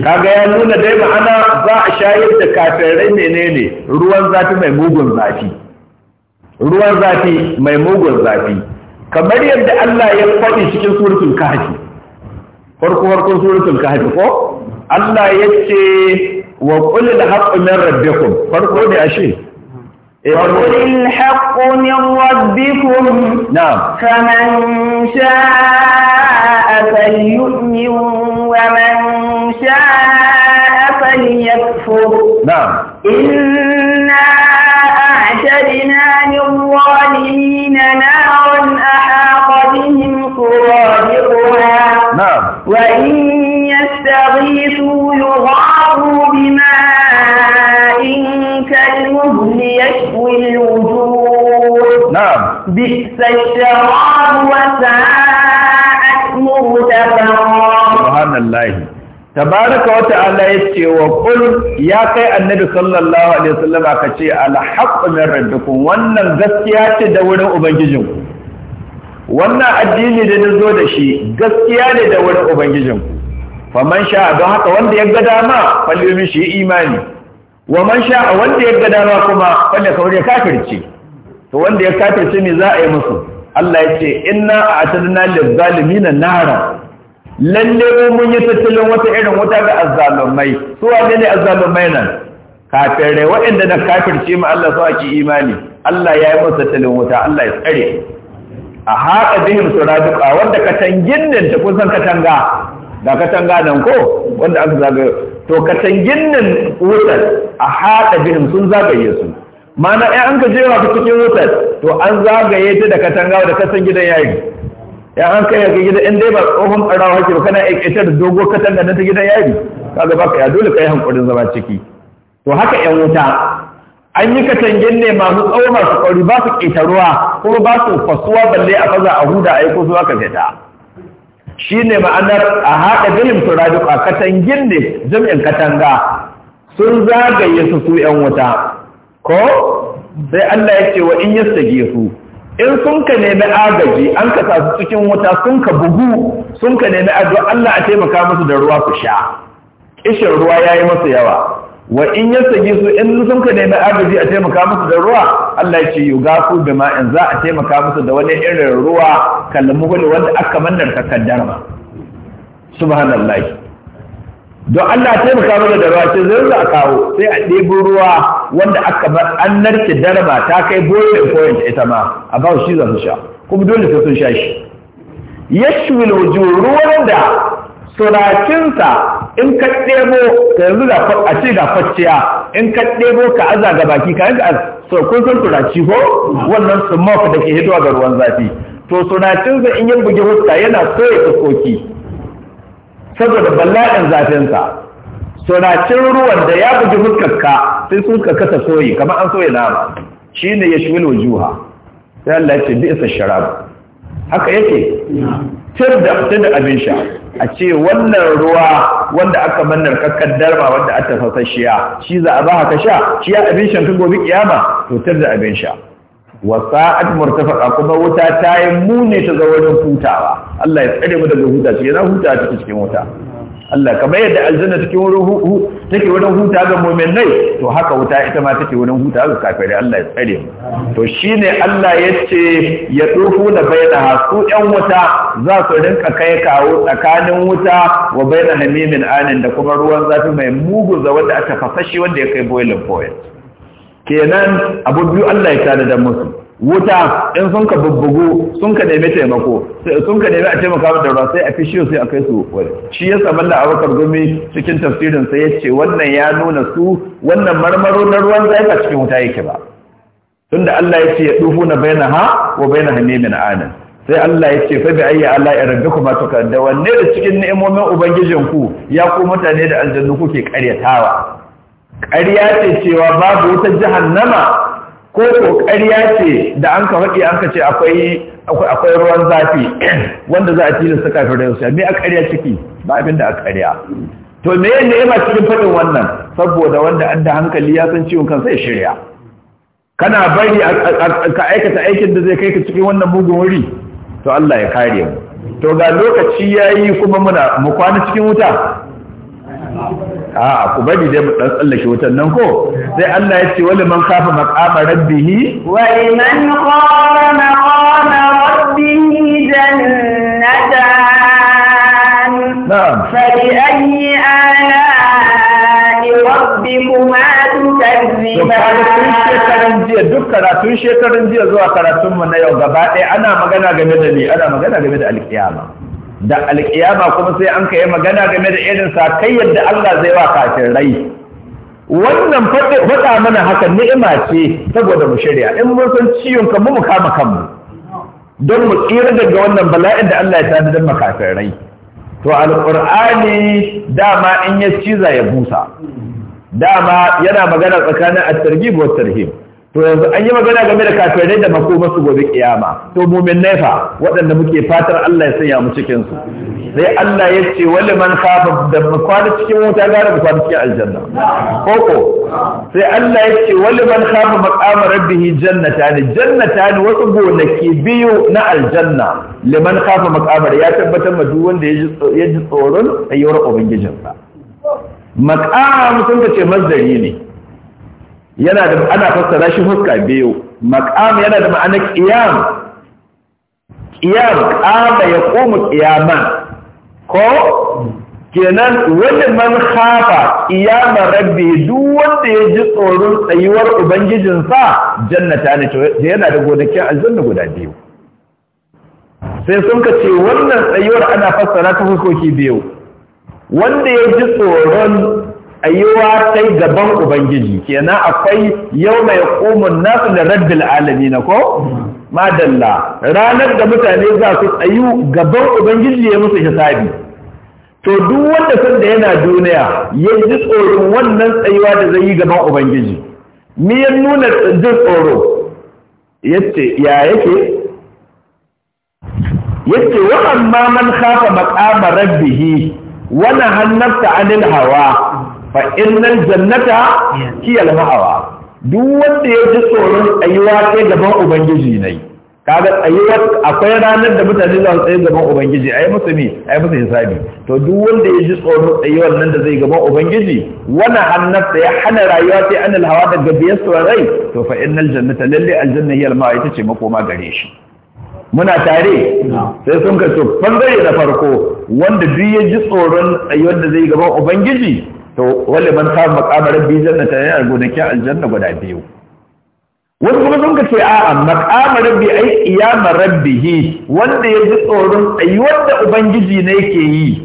kaga ya nuna dai ma'ana za a shayar da kafirai menene ruwan zafi mai mugun zafi ruwan zafi mai mugun zafi kamar yadda Allah ya faɗi cikin suratul kahfi farko farkon suratul kahfi ko Allah ya ce وقل الحق من ربكم فرقوا rabbikum farko إيه، وقل الحق من ربكم نعم فمن شاء فليؤمن ومن شاء فليكفر نعم إنا أعتدنا للظالمين نارا أحاط بهم قرابقها نعم وإن بئس الشراب وساءت مرتفقا سبحان الله تبارك وتعالى يتي وقل يا كي النبي صلى الله عليه وسلم كتي على حق من ربكم وانا غسيات wannan addini da na zo da shi gaskiya ne da wurin ubangijinku faman sha don haka wanda ya ga dama falle mishi imani wa man sha wanda ya ga dama kuma falle kawai kafirci to wanda ya su me za a yi musu Allah ya ce inna a'tadna lil zalimin nara lalle mun yi tattalin wata irin wuta ga azzalumai su wane ne azzalumai nan Kafere, waɗanda na kafirce mu Allah su ake imani Allah ya yi musu tattalin wuta Allah ya tsare a haƙa bihim suraduqa wanda katangin nan ta ka katanga da katanga nan ko wanda aka zaga to katangin nan wutar a haɗa bihim sun zagaye su mana 'yan an ka je ta cikin hotel to an zagaye ta da katanga da kasan gidan yayi ya an kai ga gidan in dai ba tsohon ɓarawa hake ba kana aikata da dogo katanga na ta gidan yayi kaga ka ya dole kai hankurin zama ciki to haka ƴan wuta an yi katangen ne masu tsawo masu ƙauri ba su ƙetaruwa kuma ba su fasuwa balle a faza a huda a yi ko zuwa ka shi ne ma'anar a haɗa bihin turaduka katangin ne jami'in katanga sun zagaye su su ‘yan wuta ko sai Allah ya ce wa in yastajihu in sun ka nemi agaji an ka tafi cikin wuta sun ka bugu sun ka nemi addu'a Allah a taimaka musu da ruwa ku sha kishin ruwa ya yi masa yawa wa in yastajihu in sun ka nemi agaji a taimaka musu da ruwa Allah ya ce yugafu bima in za a taimaka musu da wani irin ruwa kallamu wanda aka mannar takaddar subhanallahi don Allah taimaka mana da ruwa sai zai za a kawo sai a ɗebo ruwa wanda aka bar an narke darama ta kai boiling point ita ma a ba shi za su sha kuma dole sai sun sha shi yashwil wuju ruwan da surakinsa in ka ɗebo ka yanzu da a ce da facciya in ka ɗebo ka aza ga baki ka yanka so kun san suraci ko wannan sumaf da ke hitowa ga ruwan zafi to sunacinsa in ya buge huska yana soya tsokoki saboda bala'in zafinsa suracin ruwan da ya bugi fuskarka sai sun kasa soyi kamar an soya nama shi ne ya shimil wujuha sai Allah ce bi isa sharab haka yake tir da da abin sha a ce wannan ruwa wanda aka mannar kakkar darma wanda aka fasashiya shi za a ba haka sha shi ya abin shan kan gobe kiyama to tir da abin sha wa ta faɗa, kuma wuta ta yi mune ta ga hutawa Allah ya tsare mu daga huta cikin huta ta cikin wuta Allah kamar yadda aljanna cikin wurin hutu take wurin huta ga nai to haka wuta ita ma take wurin huta ga kafirai Allah ya tsare mu to shine Allah yace ya dufu da bainaha su ɗan wuta za su rinka kai kawo tsakanin wuta wa bainaha hamimin anin da kuma ruwan zafi mai mugu za wanda aka fasashi wanda ya kai boiling point kenan abu biyu Allah ya tada da musu wuta in sun ka bubbugu sun ka nemi taimako sun ka nemi a taimaka da ruwa sai a fishiyo sai a kai su wani shi ya sa da abokar gumi cikin tafsirin sai ya ce wannan ya nuna su wannan marmaro na ruwan zai ka cikin wuta yake ba tunda Allah ya ce ya dufu na baina ha wa baina min anan sai Allah ya ce fa bi ayyi ala ka da wanne da cikin ni'imomin ubangijinku ya ku mutane da aljannu kuke karyatawa ƙarya ce cewa babu wata jahannama ko ko ƙarya ce da an ka faɗi an ka ce akwai ruwan zafi wanda za a tilasta kafin da yau a ƙarya ciki ba abin da a ƙarya to me ne ma cikin faɗin wannan saboda wanda an da hankali ya san ciwon kansa ya shirya kana bari ka aikata aikin da zai kai ka cikin wannan mugun wuri to Allah ya kare mu to ga lokaci yayi kuma muna mu kwana cikin wuta a ku bari dai mu dan tsallake wutan nan ko sai Allah ya ce wali man khafa maqama rabbihi wa liman khafa maqama rabbihi jannatan na'am fa bi ayyi ala'i rabbikuma tukadziban jiya duk karatun shekarun jiya zuwa karatun mu na yau gaba ɗaya ana magana game da ni ana magana game da alkiyama da alƙiyama kuma sai an kai magana game da irin sa kai yadda Allah zai wa rai. wannan faɗa mana haka ni'ima ce saboda mu shirya in mun san ciwon kanmu mu kama kanmu don mu tsira daga wannan bala'in da Allah ya tada don rai. to alƙur'ani dama in ya ciza ya busa dama yana magana tsakanin at-targhib wa tarhib to yanzu an yi magana game da kafirai da makoma su gobe kiyama to mumin naifa waɗanda muke fatar Allah ya sanya mu cikin su sai Allah ya ce wani man kafa da kwana cikin wuta gara da kwana cikin aljanna koko sai Allah ya ce wani man kafa maqama rabbih jannata ne jannata ne wasu gonaki biyu na aljanna liman kafa maqama ya tabbatar ma duk wanda ya ji tsoron ayyuwar ubangijinsa maqam sun ce mazdari ne yana da ana fassara shi huska biyu maqam yana da ma'anar qiyam qiyam qama yaqumu qiyaman ko kenan wanda man khafa qiyama rabbi duk wanda ya ji tsoron tsayuwar ubangijinsa jannata ne to yana da gonakin aljanna guda biyu sai sun ka ce wannan tsayuwar ana fassara ta hukoki biyu wanda ya ji tsoron ayyuwa sai gaban ubangiji kenan akwai yau mai kumun nasu da raddil alami na ko madalla ranar da mutane za su tsayu gaban ubangiji ya musu hisabi to duk wanda san da yana duniya ya ji tsoron wannan tsayuwa da zai yi gaban ubangiji me ya nuna jin tsoro yace ya yake yace wa amma man khafa maqama rabbih wa ta anil hawa fa innal jannata hiya al-ma'awa duk wanda ya ji tsoron tsayuwa sai gaban ubangiji ne kaga tsayuwa akwai ranar da mutane za su tsaye gaban ubangiji ayi musu me ayi musu hisabi to duk wanda ya ji tsoron tsayuwar nan da zai gaban ubangiji wani hannarsa ya hana rayuwa sai annal hawa daga biyar tsorai to fa innal jannata lalle aljanna hiya al-ma'a ita ce makoma gare shi muna tare sai sun ka to fangare na farko wanda duk ya ji tsoron tsayuwar da zai gaban ubangiji to wale man kama makama rabbi jannata yana gonakin aljanna guda biyu wasu kuma sun a a'a makama rabbi ai rabbi rabbihi wanda ya ji tsoron ayi wanda ubangiji ne yake yi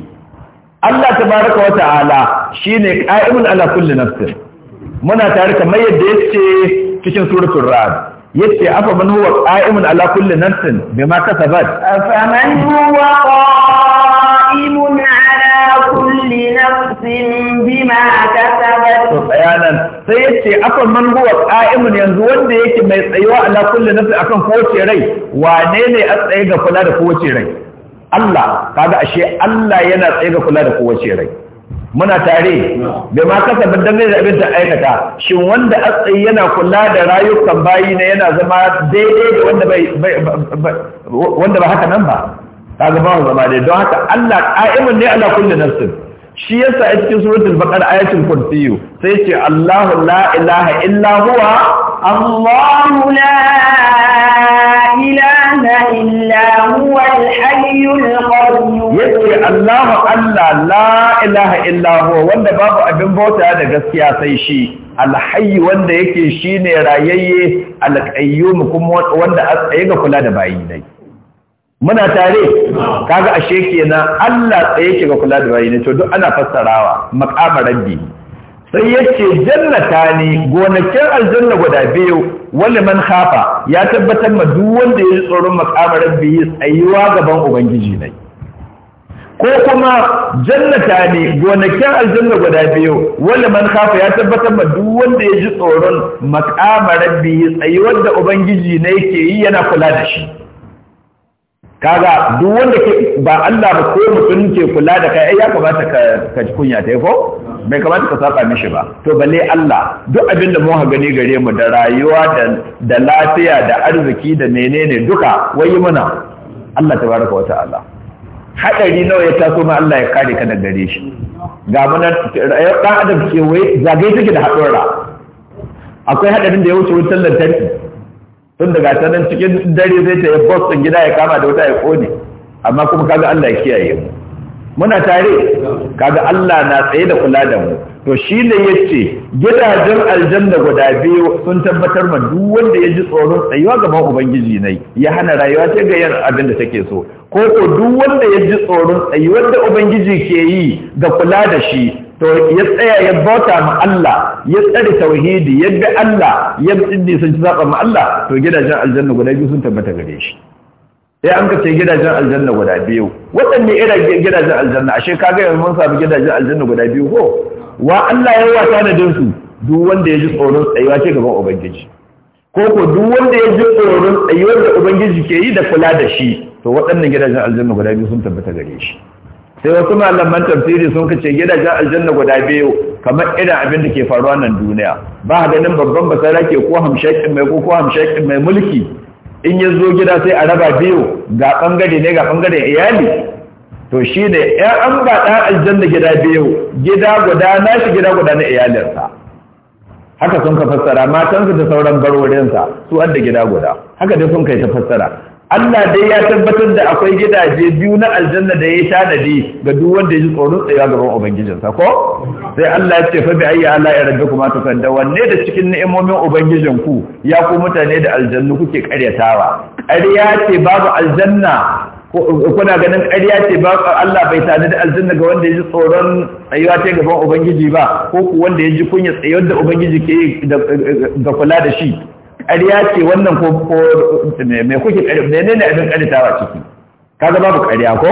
Allah tabaraka wa ta'ala shine qa'imun ala kulli nafsin muna tare kamar yadda yace cikin suratul ra'd yace afa man huwa qa'imun ala kulli nafsin bima kasabat afa man huwa بما كسبت بيانا سيتي أكون من هو قائم yanzu wanda yake mai tsayuwa ala kulli nafsi akan kowace rai wane ne a tsaye ga kula da kowace rai Allah kaga ashe Allah yana tsaye ga kula da kowace rai muna tare bai ma kasa dangane da abin da aikata shin wanda a tsaye yana kula da rayukan bayi na yana zama daidai da wanda ba haka nan ba kaga ba zama dai don haka Allah qa'imun ne ala kulli nafsin shi yasa a cikin suratul baqara ayatul kursiyu sai ce Allahu la ilaha illa huwa Allahu la ilaha illa huwa al-hayyul qayyum yace Allahu Allah la ilaha illa huwa wanda babu abin bauta da gaskiya sai shi al-hayy wanda yake shine rayayye al-qayyum kuma wanda a tsaye ga kula da bayi dai muna tare kaga ashe kenan Allah tsaye ke ga kula da bayani, ne to duk ana fassarawa maqamar rabbi sai yace jannata ne gonakin aljanna guda biyu wani man khafa ya tabbatar ma duk wanda ya tsoron maqamar rabbi tsayuwa gaban ubangiji ne ko kuma jannata ne gonakin aljanna guda biyu wani man khafa ya tabbatar ma duk wanda ya ji tsoron maqamar rabbi tsayuwar da ubangiji ne yake yi yana kula da shi kaga duk wanda ke ba Allah ba ko mutum ke kula da kai ya kamata ka ka ji kunya ta yi ko bai kamata ka saba mishi ba to balle Allah duk abin da mu ha gani gare mu da rayuwa da da lafiya da arziki da menene duka wai muna Allah tabaraka wa ta'ala hadari nawa ya taso ma Allah ya kare ka daga gare shi ga mun dan adam ke wai zagaye take da hadura akwai hadarin da ya wuce wutar lantarki tun daga ta nan cikin dare zai ta yi bus din gida ya kama da wuta ya kone amma kuma kaga Allah ya kiyaye mu muna tare kaga Allah na tsaye da kula da mu to shi ne ce gidajen aljanna guda biyu sun tabbatar ma duk wanda ya ji tsoron tsayuwa gaban ubangiji nai ya hana rayuwa ta ga 'yan abin da take so ko ko duk wanda ya ji tsoron tsayuwar da ubangiji ke yi ga kula da shi to ya tsaya ya bauta ma Allah ya tsare tauhidi ya bi Allah ya bi sun ci zaba ma Allah to gidajen aljanna guda biyu sun tabbata gare shi sai an kace gidajen aljanna guda biyu waɗanne irin gidajen aljanna ashe kaga yanzu mun samu gidajen aljanna guda biyu ko wa Allah ya wata da dinsu duk wanda ya ji tsoron tsayuwa ce gaban ubangiji ko ko duk wanda ya ji tsoron tsayuwa da ubangiji ke yi da kula da shi to waɗannan gidajen aljanna guda biyu sun tabbata gare shi sai wasu malaman tafsiri sun kace gidajen aljanna guda biyu kamar irin abin da ke faruwa nan duniya ba ganin babban ke ko hamshakin mai ko ko hamshakin mai mulki in ya zo gida sai a raba biyu ga bangare ne ga bangaren iyali to shi ne ‘yan an ba ɗan aljanna gida biyu gida guda na shi gida guda na iyalinsa haka sun ka fassara matansa da sauran barorinsa su wanda gida guda haka dai sun kai ta fassara Allah dai ya tabbatar da akwai gidaje biyu na aljanna da ya yi tanadi ga duk wanda ya ji tsoron tsayawa gaban ubangijinsa ko sai Allah ya ce fa bi ayya ala ya rabbi kuma da wanne da cikin ni'imomin Ubangijinku ku ya ku mutane da aljannu kuke karyatawa ƙarya ce babu aljanna kuna ganin ƙarya ce ba Allah bai tani da aljanna ga wanda ya ji tsoron tsayuwa ta gaban ubangiji ba ko ku wanda ya ji kunya tsayuwar da ubangiji ke da kula da shi ƙarya ce wannan ko mai kuke ƙarya ne ne ne abin ƙaritawa ciki kaga babu ƙarya ko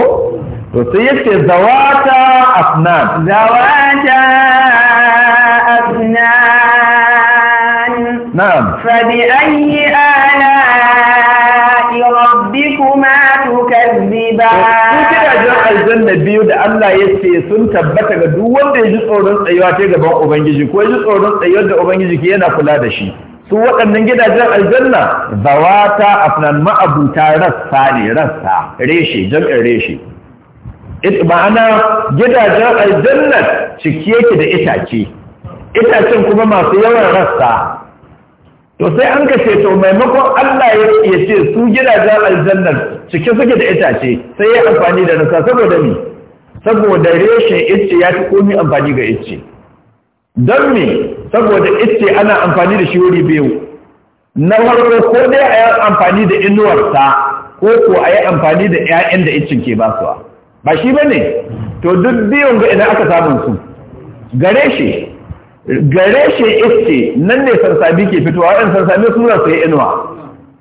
to sai yace zawata asnan zawata asnan na'am fa bi ayyi ala'i rabbikuma tukazziban gidajen aljanna biyu da Allah ya ce sun tabbata ga duk wanda ya ji tsoron tsayuwa ta gaban ubangiji ko ya ji tsoron tsayuwar da ubangiji ke yana kula da shi su waɗannan gidajen aljanna zawata afnan ma'abuta rassa ne rassa reshe jam'in reshe ma'ana gidajen aljanna cike yake da itace itacen kuma masu yawan rassa to sai an ka ce to maimakon Allah ya ce su gidajen aljanna cike suke da itace sai ya amfani da rasa saboda ni saboda reshen icce ya fi komi amfani ga icce don me saboda ita ana amfani da shi wuri biyu na farko ko dai a yi amfani da inuwarsa ko ko a yi amfani da 'ya'yan da icin ke basuwa ba shi ba ne to duk biyun ga idan aka samun su gare shi gare shi ita nan ne sansabi ke fitowa waɗanda sansabi suna sai inuwa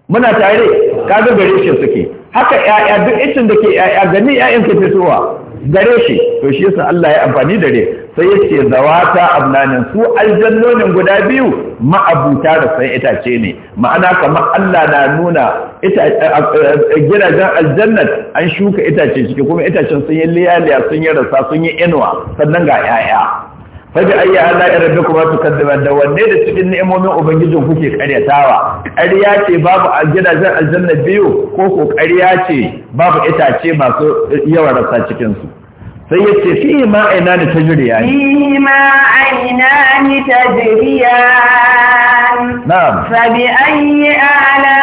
muna tare kaga gare shi suke haka 'ya'ya duk icin da ke 'ya'ya gani 'ya'yan ke fitowa gare shi to shi yasa Allah ya amfani da re sai ya ce zawata abnanin su aljannonin guda biyu ma'abuta da san itace ne ma'ana kamar Allah na nuna eh, eh, gidajen aljannat an shuka itace ciki kuma itacen sun yi liyaliya sun yi rasa sun yi inuwa sannan ga 'ya'ya fabi ayya ya irabbi kuma su kaddaban da wanne da cikin ni'imomin ubangijin kuke karyatawa ƙarya ce babu a gidajen aljanna biyu ko ko ƙarya ce babu itace masu yawan rasa cikin su sai ya ce fi ma aina ni ta fi ma aina ni ta jiriya na'am fabi ayyi ala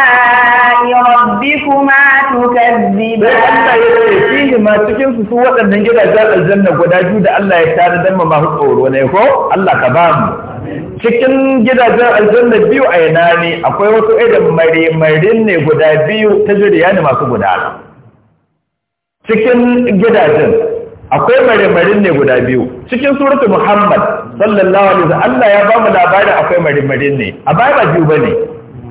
rabbikuma tukazziban sai Allah ya ma cikin su su waɗannan gidajen aljanna guda biyu da Allah ya tare dan masu tsoro ne ko Allah ka ba mu cikin gidajen aljanna biyu a yana ne akwai wasu irin mare ne guda biyu ta jiriya ne masu guda cikin gidajen akwai mare ne guda biyu cikin suratu muhammad sallallahu alaihi wa sallam Allah ya ba mu labarin akwai mare ne a baya ba biyu bane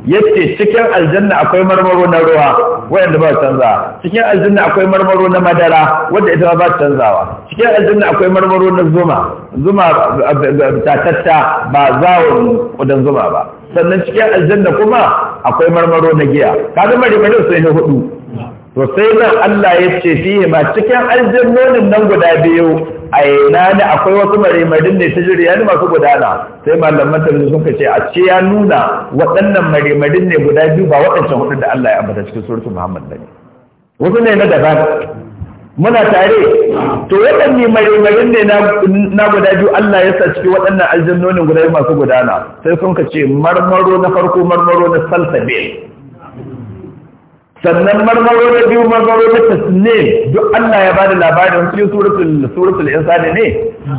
yace cikin aljanna akwai marmaro na ruwa wanda ba canza cikin aljanna akwai marmaro na madara wanda ita ba canzawa cikin aljanna akwai marmaro na zuma zuma tatatta ba zawo kudan zuma ba sannan cikin aljanna kuma akwai marmaro na giya kaga marmaro sai na hudu to sai nan Allah ya ce fiye ma cikin aljannonin nan guda biyu a yana ne akwai wasu marimarin ne ta jiriya ne masu gudana sai malamman ta sun ce a ce ya nuna waɗannan marimarin ne guda biyu ba waɗancan hudu da Allah ya ambata cikin surutu Muhammad ne wasu ne na daban muna tare to waɗanne marimarin ne na guda biyu Allah ya sa cikin waɗannan aljannonin guda biyu masu gudana sai sun ce marmaro na farko marmaro na salsabe. sannan marmaro na biyu marmaro na ne duk Allah ya bada labarin su suratul suratul insan ne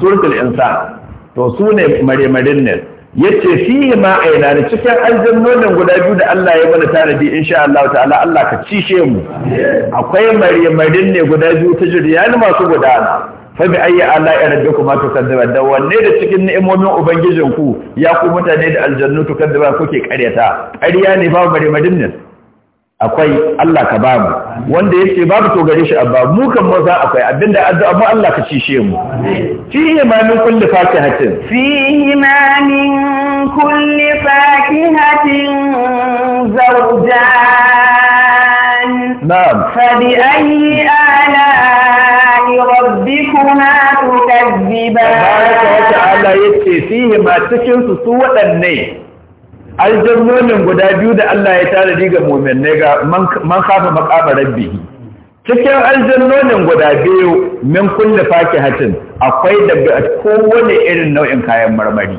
suratul insa to su ne maremarin ne yace fihi ma aina ne cikin aljannonin guda biyu da Allah ya mana tanadi insha Allah ta'ala Allah ka cishe mu akwai maremarin ne guda biyu ta juriyan masu gudana fa bi ayyi ala'i rabbikum tukadzaba da wanne da cikin ni'imomin ubangijinku ya ku mutane da aljannu tukadzaba kuke ƙaryata ƙarya ne ba maremarin ne akwai Allah ka ba mu wanda yace babu to gare shi abba mu kan maza akwai abinda addu'a mu Allah ka cishe mu fihi ma min kulli fakihatin fihi ma min kulli fakihatin zawjan na'am fa bi ayyi ala'i rabbikuma tukazziban baraka ta'ala yace fihi ma cikin su su wadanne aljannonin guda biyu da Allah ya tara ga mu'minai ga man kafa maqama rabbihi cikin aljannonin guda biyu min kullu fakihatin akwai da kowane irin nau'in kayan marmari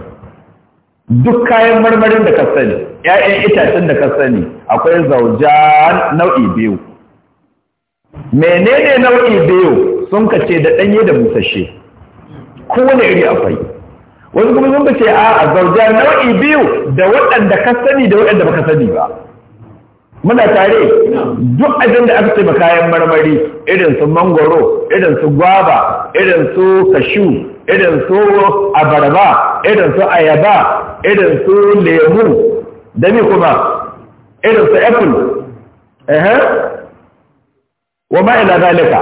duk kayan marmarin da ka sani ƴaƴan itacen da ka sani akwai zaujan nau'i biyu menene nau'i biyu sun kace da danye da busasshe kowane iri akwai wani kuma sun ce a zauja nau'i biyu da waɗanda ka sani da waɗanda baka sani ba muna tare duk abin da aka ce ba kayan marmari irin su mangoro irin su gwaba irin su kashu irin su abarba irin su ayaba irin su lemu da ni kuma irin su apple ehe wa ma ila zalika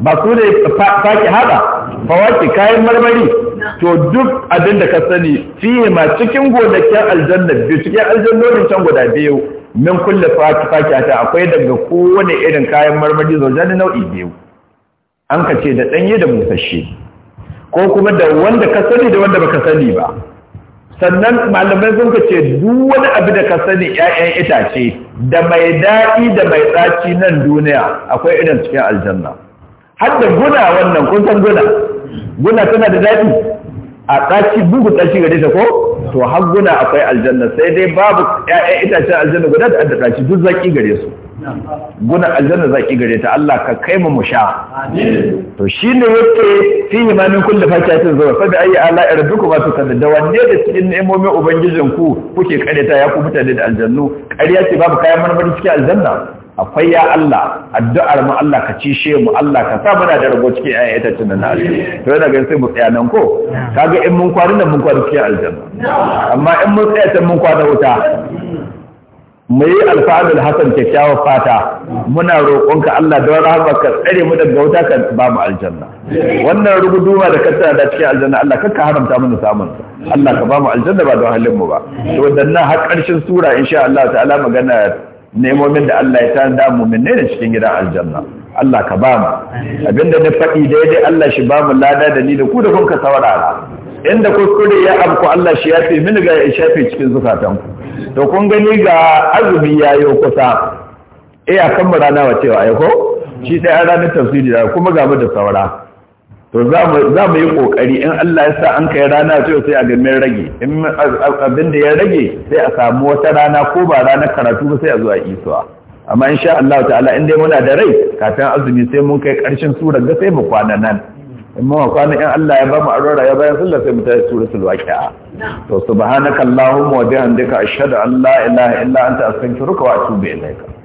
ba su ne faki hada ki kayan marmari to duk abin da ka sani fiye ma cikin gonakin aljanna biyu cikin aljannonin can guda biyu min kulle ta akwai daga kowane irin kayan marmari zaujani nau'i biyu an ka ce da ɗanye da busasshe ko kuma da wanda ka sani da wanda baka sani ba sannan malamai sun ka ce duk wani abin da ka sani ƴaƴan itace da mai daɗi da mai tsaci nan duniya akwai irin cikin aljanna har da guna wannan kun san guna guna tana da daɗi a ɗaci bugu ɗaci gare ta ko to har guna akwai aljanna sai dai babu ƴaƴan itacen aljanna guda da ɗaci duk zaki gare su guna aljanna zaki gare ta Allah ka kai mu sha to shine yake fi imanin kullu fakiyatin zuwa fa ayi ala kuma ba to da wanne da cikin ubangijin ku, kuke kareta ya ku mutane da aljannu ƙarya ce babu kayan marmari cikin aljanna akwai ya Allah addu'ar mu Allah ka cishe mu Allah ka sa muna da rabo cikin ayan ita na nan to yana ga sai mu tsaya nan ko kaga in mun kwana nan mun kwana cikin aljanna amma in mun tsaya can mun kwana wuta mu yi alfa'al hasan kyakkyawar fata muna ka Allah don rahama ka tsare mu daga wuta ka ba mu aljanna wannan rubuduwa da ka tsara da cikin aljanna Allah ka haramta mana samun Allah ka ba mu aljanna ba don halin mu ba to wannan har ƙarshen sura insha Allah ta'ala magana nemomin da Allah ya damu mu ne da cikin gidan aljanna Allah ka ba mu abinda na faɗi daidai Allah shi ba mu lada da ni da ku da kun ka saurara inda kuskure ya abku Allah shi ya fi mini ga ya shafe cikin zukatan ku to kun gani ga azumi yayo kusa eh kan mu rana wacewa ai ko shi dai ranar tafsiri da kuma ga mu da saurara to za mu yi kokari in Allah ya sa an kai rana to sai a gamin rage in abin da ya rage sai a samu wata rana ko ba ranar karatu ba sai a zuwa isuwa amma insha Allah ta'ala in dai muna da rai kafin azumi sai mun kai karshen surar da sai mu kwana nan in mu kwana in Allah ya ba mu arora ya bayan sallah sai mu tafi suratul waqi'a to subhanakallahumma wa bihamdika ashhadu an la ilaha illa anta astaghfiruka wa atubu ilaika